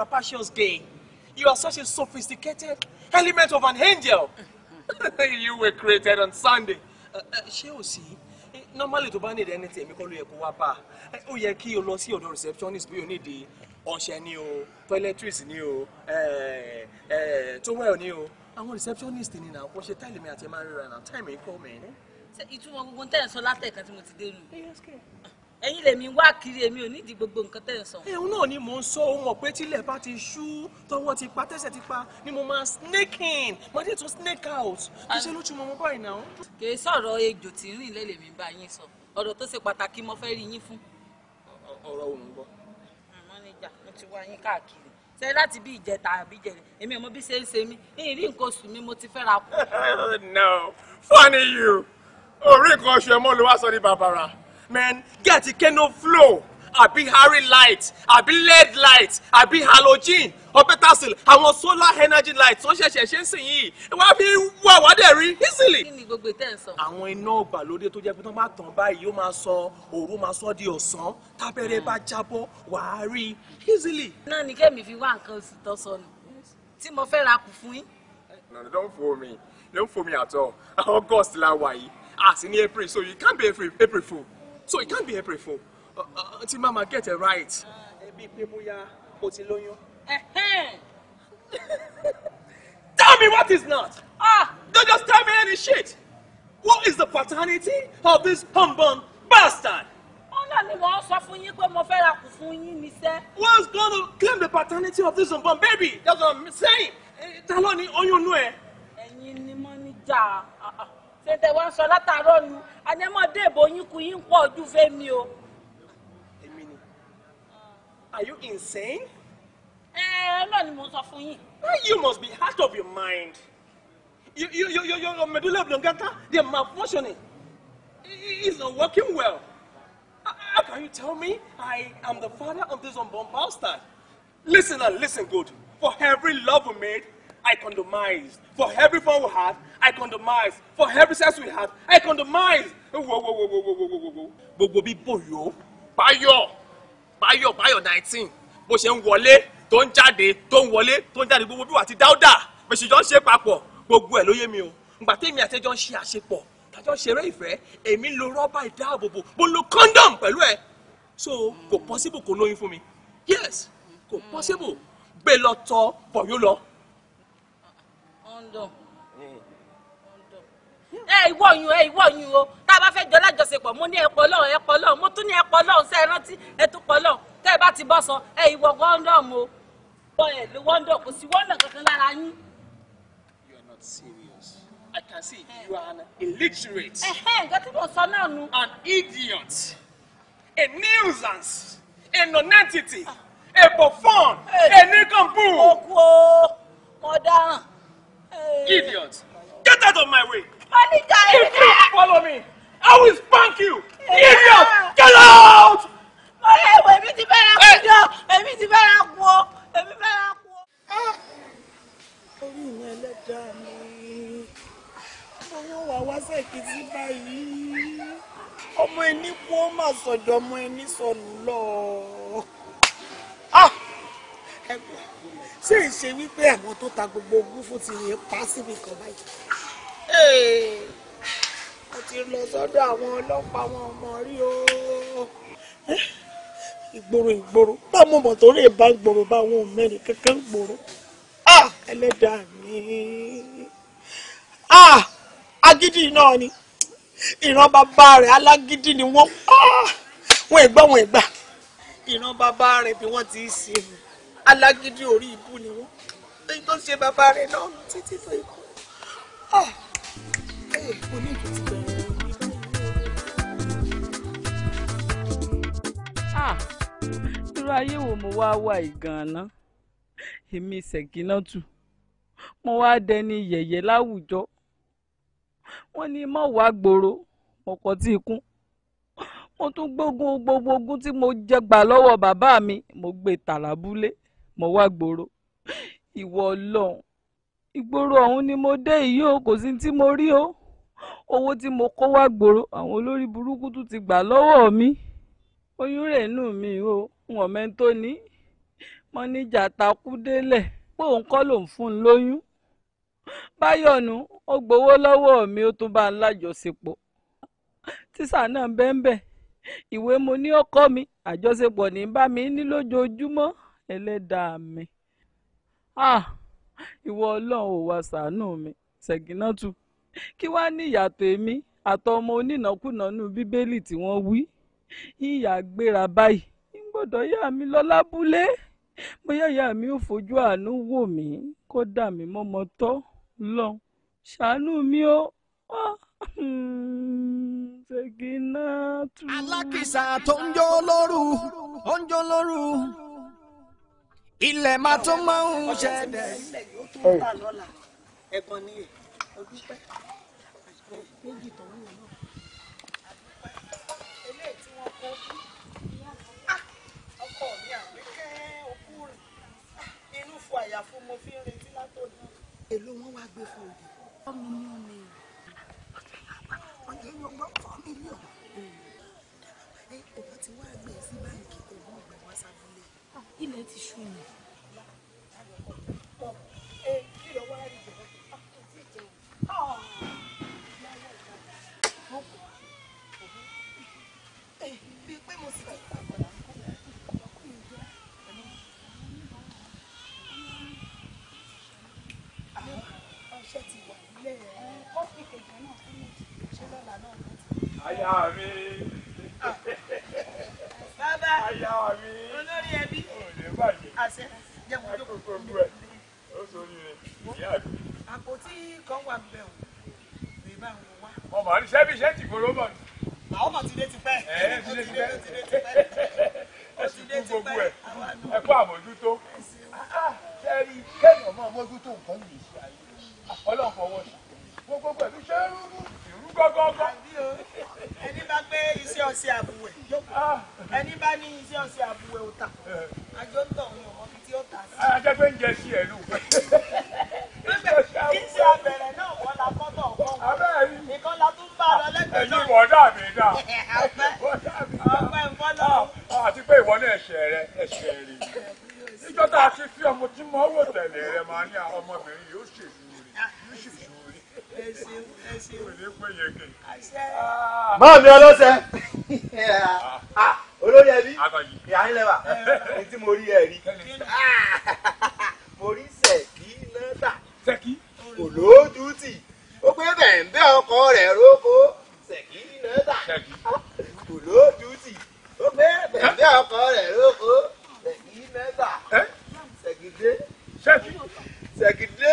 rapacious day. You are such a sophisticated element of an angel. *laughs* you were created on Sunday. Uh, uh, ṣé o sí? Eh, normally tó bá need anything, èmi kọ́ ló yẹ kó wá bá a. Eh, ó yẹ kí o lọ sí ọ̀dọ̀ receptionist bí o need ọṣẹ ni o, toiletries ni o, eh, towel ni o. Àwọn receptionist ni na wọ́n ṣe táìlì mi àti ẹ̀ máa ń ríra na táìmì ń kọ́ mi. Ìtumọ̀ gbogbo ń tẹ̀sán látẹ̀ka tí mo ti dé nù ẹ̀yin lèmi wá kiri èmi ò nídìí gbogbo nǹkan tẹ̀ ń sọ. ẹ̀hún náà ni mò ń sọ ohun ọ̀pẹ tílẹ̀ bá ti ṣú tọwọ́ ti pa tẹ̀sẹ̀ ti pa ni mo máa snake in mo dé tún snake out kí ṣe ló tún mọ mọ báyìí náà. kì í sọ̀rọ̀ ejò tí ń rìn lé lèmi bá yín sọ ọ̀rọ̀ tó ṣe pàtàkì mo fẹ́ rí yín fún. ọ̀rọ̀ òun ń bọ̀. àmọ́ hmm, níjà mo ti wá yín káàkiri ṣe láti bí ìjẹta àbí jẹrẹ èmi ọmọ bí ṣe ń ṣe mí ní rí nǹkan oṣù mi mo ti fẹ́ ra kù. *laughs* no funny you orí nǹkan oṣù ẹ̀ mọ́ ló wá sọ ní bàbàrà man get it keno flow àbí harry light àbí led light àbí halogen opetasil àwọn solar energy light tó ṣẹ̀ṣẹ̀ ṣe ń sìn yìí wá fi wà wá dẹ̀ rí easily. kí ni gbogbo ìtẹ́ ń sọ. àwọn iná ìgbàlódé tó jẹ́ pé tó máa tàn báyìí ó máa sọ òru máa sọ di ọ̀sán tábẹ́rẹ́ bá jábọ́ wà á rí easily. náà ni kẹ́mi fi wá nǹkan oṣù tó sọnù tí mo fẹ́ ra kù fún yín. no don't fool me don't fool me at all August la wà yìí àti ní April so you can't be April April fool so it can't be helpful uh, uh, uh mama get it right. Ah, *laughs* tell me what is not ah don't just tell me any shit what is the paternity of this humbug bastard. ọ̀nà ni wọ́n sọ who's gonna claim the paternity of this unborn baby that's what i'm saying. Eh, ta ló ni oyún inú ẹ. ẹ̀yin ni òfin wá ń sọ látàárọ̀ nu anẹ́mọ̀dé ìbò yín kú yín pọ̀ ojú fẹ́mi o. èmi ni are you insane. ẹ ẹ náà ni mo sọ fún yín. you must be out of your mind. You, you, you, you, your medulla oblongata they malfunctioning. It is not working well. How can you tell me I am the father of this unborn bastard? Listen and listen good. For every love we made, I condomise. For every fun we had, I condomise. For every sex we had, I condomise. Whoa, whoa, whoa, whoa, whoa, whoa, whoa, wo wo. Gbogbo bí Bòyó, Báyọ̀, Báyọ̀ Báyọ̀ nineteen bó ṣe ń wọlé tó ń jáde tó ń wọlé tó ń jáde gbogbo bí wà ti dáúdà bẹ̀sì jọ ń ṣe papọ̀ gbogbo ẹ̀ ló yé mi o. Ìgbà tèmi àtẹ́jọ́ ń ṣe àṣepọ̀ tàjọ́ ṣeré ìfẹ́ èmi ń lo rọ́bà ìdáàbòbò mo ń lo kọ́ńdọ̀m pẹ̀lú ẹ̀ so kò possible kò lóyún fún mi yes kò possible gbé lọ tọ Bòyó lọ ẹ ìwọ yun ẹ ìwọ yun o tá a bá fẹ́ jọ lájọṣepọ̀ mo ní ẹ̀pọ̀ lọ́hùn ẹ̀pọ̀ lọ́hùn mo tún ní ẹ̀pọ̀ lọ́hùn sẹ́ ẹ rántí ẹ̀túpọ̀ lọ́hùn tẹ́ ẹ bá ti bọ́ sọ ẹ ìwọ gọ́ńdọ̀mù o bọ́ ẹ lè wọ́ńdọ̀ kò sí wọ́ńdọ̀ kankan lára yín. you are not serious i can see you are an illiterate. ẹhẹ́ nǹkan tí mo sọ náà nu. an idiot a nuisance a nonentity a buffoon, a nincompoop. okòó mọ̀dáràn Idiot! Get out of my way! Manager! If you follow me, I will spank you! Idiot! Get out! Ọmọ ẹni kú ó mà sọ̀dọ̀ ọmọ ẹni sọnù lọ. Ah! Ẹgbẹ́ ṣé ń ṣe wípé àwọn tó ta gbogbo ogún fún ti yẹn pa síbi kan báyìí. mo ti lọ sọ́dọ̀ àwọn ọlọ́pàá wọn ọmọ rí o. ìgboro ìgboro bá mo mọ̀ tó lè bá gbòòrò bá wọn ò mẹ́rin kankan gbòòrò. ẹlẹ́dàá mi agídí náà ni ìran bàbá rẹ̀ alágídí ni wọ́n wọ́n ẹ̀gbọ́n wọn ẹ̀gbà ìran bàbá rẹ̀ bí wọ́n ti ń sinmi alágídí orí ibú ni wọ́n èyí tó ṣe bàbá rẹ̀ náà títí tó ikú ah! ah! irú ayé wo mo wá wà ìgànnà èmi ṣègínàtù mo wá dẹni yẹ̀yẹ́ láwùjọ wọ́n ní mọ̀ wá gbòòrò ọkọ̀ tí ikún mo tún gbógun gbogbo ogun tí mo jẹ gbà lọ́wọ́ bàbá mi mo gbé e tàlábúlé mo wá gbòòrò ìwọ ọlọ́run ìgboro ọ̀hún ni mo dé yìí o kò sí tí mo rí o owó tí mo kó wá gbòòrò àwọn olórí burúkú tún ti gbà lọ́wọ́ mi oyún rẹ̀ nù mí o wọn mẹ́tò ní mọ́níjà takú délẹ̀ pé òun kọ́ lòun fún un lóyún báyọ̀nù ó gbowó lọ́wọ́ mi ó tún bá ń lájọṣepọ̀ tíṣà náà bẹ́ẹ̀ bẹ́ẹ̀ ìwé mo ní ọkọ mi àjọṣepọ̀ ní bá mi ní lójoojúmọ́ ẹlẹ́dàá mi ah ìwọ ọlọ́run ò wá ṣàánú mi ṣègínàtù kí wàá ní ìyàtọ̀ èmi àtọmọ onínàkúnà bíbélì tí wọ́n wí ìyá gbéra báyìí gbọ́dọ̀ yá mi lọ lábúlé bóyá ìyá mi ò fojú àánú wò mí kó dà mí mọ́mọ́ tọ́ lọ́n ṣàánú mi ó alákìsà tó ń jó lóru ó ń jó lóru ilẹ̀ máa tún máa ń ṣẹlẹ̀. ilẹ̀ ti wá gbé sí báńkì òun ọ̀gbẹ́ wá sábà ilẹ̀ ti ṣú mi. Aya mi. Ah. Bàbá. Aya mi. Olórí ẹbí àṣẹ jẹ́ wọn jókòó àpótí kan wà bẹ́ẹ̀ o lè bá wọn wá. ọmọ àrí sẹ́bí iṣẹ́ ti gbòòrò mọ̀. àwọn ọmọ ti dé ti pẹ́. ẹ ẹ ti dé ti pẹ́. ẹ sì kú gbogbo ẹ ẹ kó àmójútó. sẹ́ẹ̀rì kẹ́yìn ọmọ àmójútó nǹkan yìí ọlọ́run fọwọ́ sí gbogbo pẹ̀lú sẹ́ẹ̀rù gọgọgọ. ẹni bá gbé iṣẹ́ ọ̀sẹ̀ àbúwẹ̀ jókòó ah. ẹni bá ní iṣẹ́ ọ̀sẹ̀ àbúwẹ̀ òtà eh. àjọ ń tọ̀ wọn ọmọ bíi tí ó tà sí. ajá ah, pé ń jẹ sí ẹ̀ lù. *laughs* iṣẹ́ abẹ̀rẹ̀ náà wọ́n la kọ́tọ̀ ọ̀kan nìkan la tún bá lọ lẹ́gbẹ̀ẹ́ náà. ẹ̀yin bọ̀dá mi náà. ọ̀pẹ ìfọ́nà. àti pé ìwọ náà ẹ̀ṣẹ̀ rẹ ẹ̀ṣẹ̀ rẹ ìjọ tá a ti fi ọmọ tí mo rò tẹ̀lé rẹ máa mi ọlọ́sẹ̀ olórí ẹbí ìyá yín lẹ́wà *laughs* ní tí mo rí ẹ rí *laughs* mo rí sẹ̀kí lọ́tà kò lójútì ó pé bẹ́ẹ̀ ń bẹ́ ọkọ rẹ̀ róko sẹ̀kí lọ́tà kò lójútì *laughs* ó pé bẹ́ẹ̀ ń bẹ́ ọkọ rẹ̀ róko sẹ̀kí lọ́tà sẹ̀kídé sẹ̀kídé.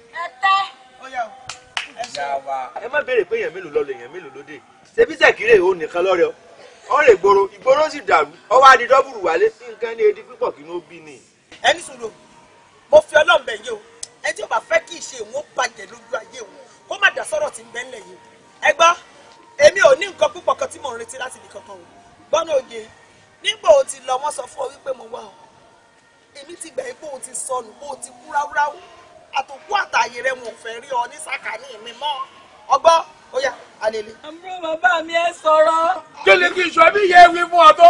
má béèrè pé èèyàn mélòó lọ́lọ́ èèyàn mélòó lóde ṣebí sẹ̀kírè òun nìkan lọ́rẹ́ ọ rè gbòòrò ìgbòòrò sì dàrú ọwọ́ adi dọ́bùrù wálé sí nǹkan ní edi pípọ̀ kí ló bí ni. ẹni sùn lò mo fi ọlọ́run bẹ̀ yín o ẹni tí ó bá fẹ́ kí ìṣe òun bàjẹ́ lójú ayé òun kó má dà sọ́rọ̀ tí ń bẹ ńlẹ̀ yìí ẹ gbọ́ èmi ò ní nǹkan púpọ̀ kan tí mò ń retí láti ibì kankan o gbọ́nà òye nígbà òun ti lọ wọ́n sọ fún ọ wípé mo wá o èmi ti gbà yín pé òun ti sọnù pé ti kú àtòkú àtàyè rẹ wọn ò fẹ́ rí ọ ní sàkání mi mọ́ ọgbọ́ ó yà alele. àmúrò bàbá mi ẹ sọ̀rọ̀. kí ni kí n sọ ẹbí yẹ ewì fún ọ tó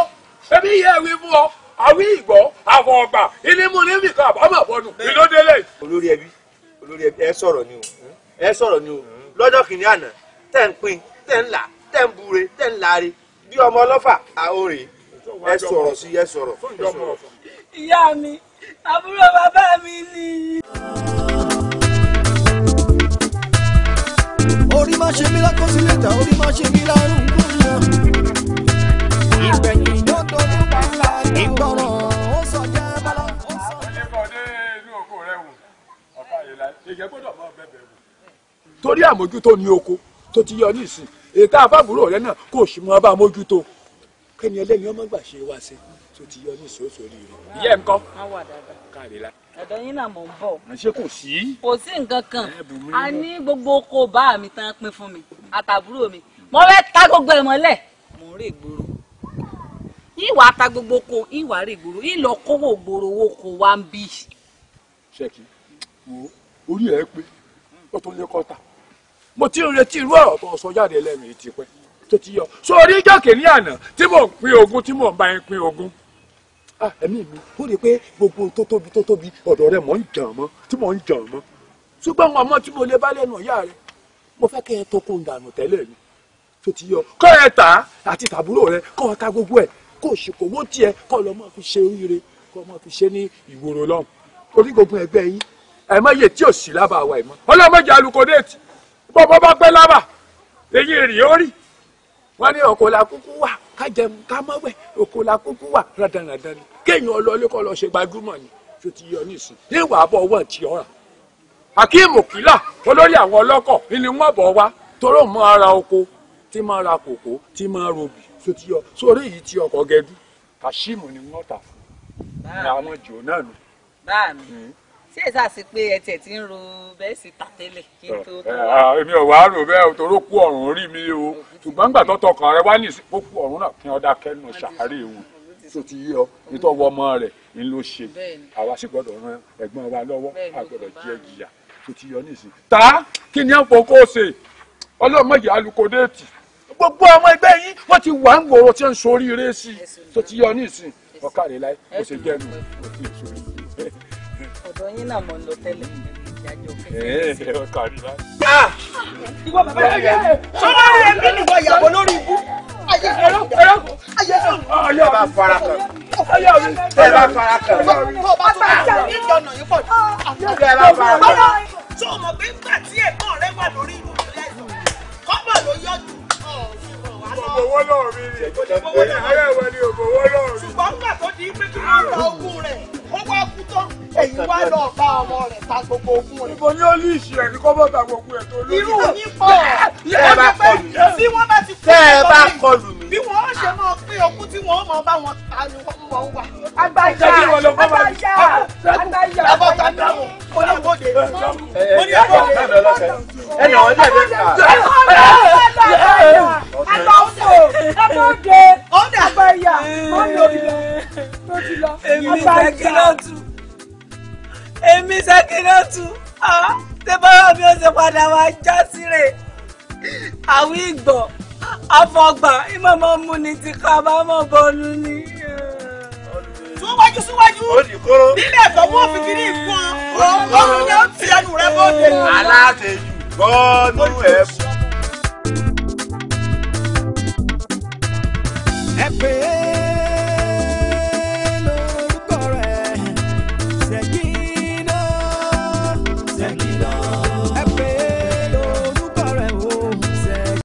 ẹbí yẹ ewì fún ọ àwí ìgbọ́ àfọ ọgbà ìnímú níbi kan àbámọ̀ bọnu ìlódélé. olórí ẹbí olórí ẹbí ẹ sọ̀rọ̀ ni o ẹ sọ̀rọ̀ ni o lọ́jọ́ kìíní àná tẹ̀ ń pin tẹ̀ ń là tẹ̀ ń bure tẹ̀ ń láre bí ọmọ ọlọ́fà àórè ẹ sọ̀rọ̀ sí ẹ sọ̀rọ̀. ìyá mi àbúrò bàbá mi ni. orí má ṣe mí lákọsílẹ̀ta orí má ṣe mí lárùn gbọ́nà. ìgbẹ̀yìn ló dojú bá ńlá ìgbọràn ó sọ jẹ́ bálá. ẹnìkọ̀dé inú oko rẹ wò ọ̀pá ìlà ìyẹn gbọ́dọ̀ mọ bẹ̀bẹ̀ wò. torí àmójútó ni oko tó ti yọ ní ìsìn ètò àfàbúrò rẹ náà kò sì mọ bá mójútó kẹ́ni ẹlẹ́ni ọmọ gbà ṣe wá sí tó ti yọ ní ìsòsò rí rẹ. ìyá ẹ̀ ń kọ́ káàdé la ọ̀dọ̀ yín náà mò ń bọ̀. ṣé kò sí. kò sí nǹkan kan a ní gbogbo oko bá mi tán pín fún mi àtàbúrò mi mo fẹ́ ta gbogbo ẹ̀ mọ́lẹ̀ mò ń rè gbòòrò ìwà ta gbogbo oko ìwà rè gbòòrò ìlọ kówó gbòòrò owó kò wá ń bí. ṣèkì wo orí ẹ pé ó tún lé kọ́ta mo ti ń retí irú ọ̀rọ̀ tó sọ jáde lẹ́nu ìtìpẹ́ tó ti yọ sórí ìjọ kìnìún àná tí mò ń pín ogún tí mò ń bá yín pín ogún Ah, ẹ̀mí mi ó rí i pé gbogbo tó tóbi tó tóbi ọ̀dọ̀ rẹ̀ mọ̀ ń jàn mọ́ tí mọ̀ ń jàn mọ́ ṣùgbọ́n àwọn ọmọ tí mo lè bá lẹ́nu ìyá rẹ̀ mo fẹ́ kẹ́ ẹ tókun dànù tẹ́lẹ̀ ni tó ti yọ kọ́ ẹ tà àti tàbúrò rẹ kọ́ ọ ta gbogbo ẹ̀ kó o ṣe kówó tiẹ̀ kọ́ ọ lọ mọ́ fi ṣe oríire kọ́ ọ mọ́ fi ṣe ní ìwòrò lọ́hùn orí gbogbo ẹgbẹ́ yín ẹ̀mọ́yè tí ò sí lába àwa ẹ̀mọ́ ọlọ́mọdé alukodeeti bọ́bọ́ bá pẹ́ lába èyí rì ó rì wọ́n ní ọkọ̀ kúkú wà ká jẹun ká mọ́ wẹ̀ òkò la kúkú wà ràdàràdà ni kéèyàn ọlọ́lé kọ́ lọ́ọ́ ṣe gbajúmọ̀ ni tó ti yọ nísìn ní ìwà àbọ̀ ọwọ́ ti ọ̀ràn. akeem kìlà olórí àwọn ọlọ́kọ̀ ni wọ́n bọ̀ wá toró mọ́ ara oko tí máa ra kòkó tí máa robì tó ti yọ sórí yìí ti ọkọ̀ gẹdú kashim ni wọ́n tà fún àwọn jòó náà nù. báà mi hmm ṣé èsà sí pé ẹ tẹ̀ ti ń ro bẹ́ẹ̀ sí tàtẹ́lẹ̀ kí n tó tó wá. Ah, ah, èmi ò wá rò bẹ́ẹ̀ torí kú ọ̀run rí mi o ṣùgbọ́n nígbà tó tọkàn rẹ wá ní ìsìnkú kú ọ̀run náà kí wọ́n dákẹ́ nù sàárè ewu tó ti yé ọ nítorí ọwọ́ ọmọ rẹ̀ ń ló ṣe àwa sì gbọ́dọ̀ ran ẹ̀gbọ́n wa lọ́wọ́ a gbọ́dọ̀ jẹ́ ìyà tó ti yọ ní ìsìn. kí ni àǹfọ̀ kó o ṣe ọlọ́mọ ìyá alukodeeti gbogbo ọmọ ẹgbẹ́ yín wọ́n ti wà ń gbòòrò ọ̀dọ̀ yín náà mo ń lọ tẹ́lẹ̀ ìwọ bàbá yẹn sọlá yẹn bí nìwọ ìyàwó lórí ibú ayé ẹrọ ẹrọ ayé ẹrọ. ọyọ bá fara kan ọyọ mi tẹ bá fara kan. tó bá tó bá jà ní ìjọnà yìí pọ̀ jù. tẹ bá fara kan. tó o mọ̀ pé nígbà tí ẹ̀gbọ́n rẹ wà lórí ibú rẹ kọ́pọ̀ ló yọjú ògbówó lọ́ọ̀rí ni ògbówó lọ́ọ̀rí ṣùgbọ́n nígbà tó di pé kí wọ́n lọ ogún rẹ̀ ó wá kú tán èyí wá lọ bá ọmọ rẹ̀ ta gbogbo ogun rẹ̀. ìbò ní ó ní ìṣirẹ̀ ní kọ́ bọ́ta gbogbo ẹ̀ tó lórí. irú yín pọ̀ ẹ bá kọlù. tí tẹ́ ẹ bá kọlù bí wọ́n ṣe máa pín okú tí wọ́n máa bá wọn ta ni wọ́n mọ̀ wá. agbájá agbájá agbájá abọ́ta dáhùn mo ní ìbòde mo ní ìbòde ẹnì wọn dẹ̀ bẹ́ẹ̀ ká. agbáwo agbáde agbáyà wọ́n lò lọ tó ti lọ. èmi Sàkínàtù èmi Sàkínàtù tẹ bá wà bí ó ṣe padà wá já síre àwọn ìgbọ̀n afọgbà ìmọ̀ mọ́ mú ni ti ká bá mọ̀ bọ́ọ̀lù ni. síwájú síwájú nílẹ̀ ìfọwọ́ fìkìrì ìfún ọ ọlọ́run náà ti ẹnu rẹ bọ́ọ̀dẹ. alátẹ̀jù gbọ́dún ẹ̀ ẹ pè é.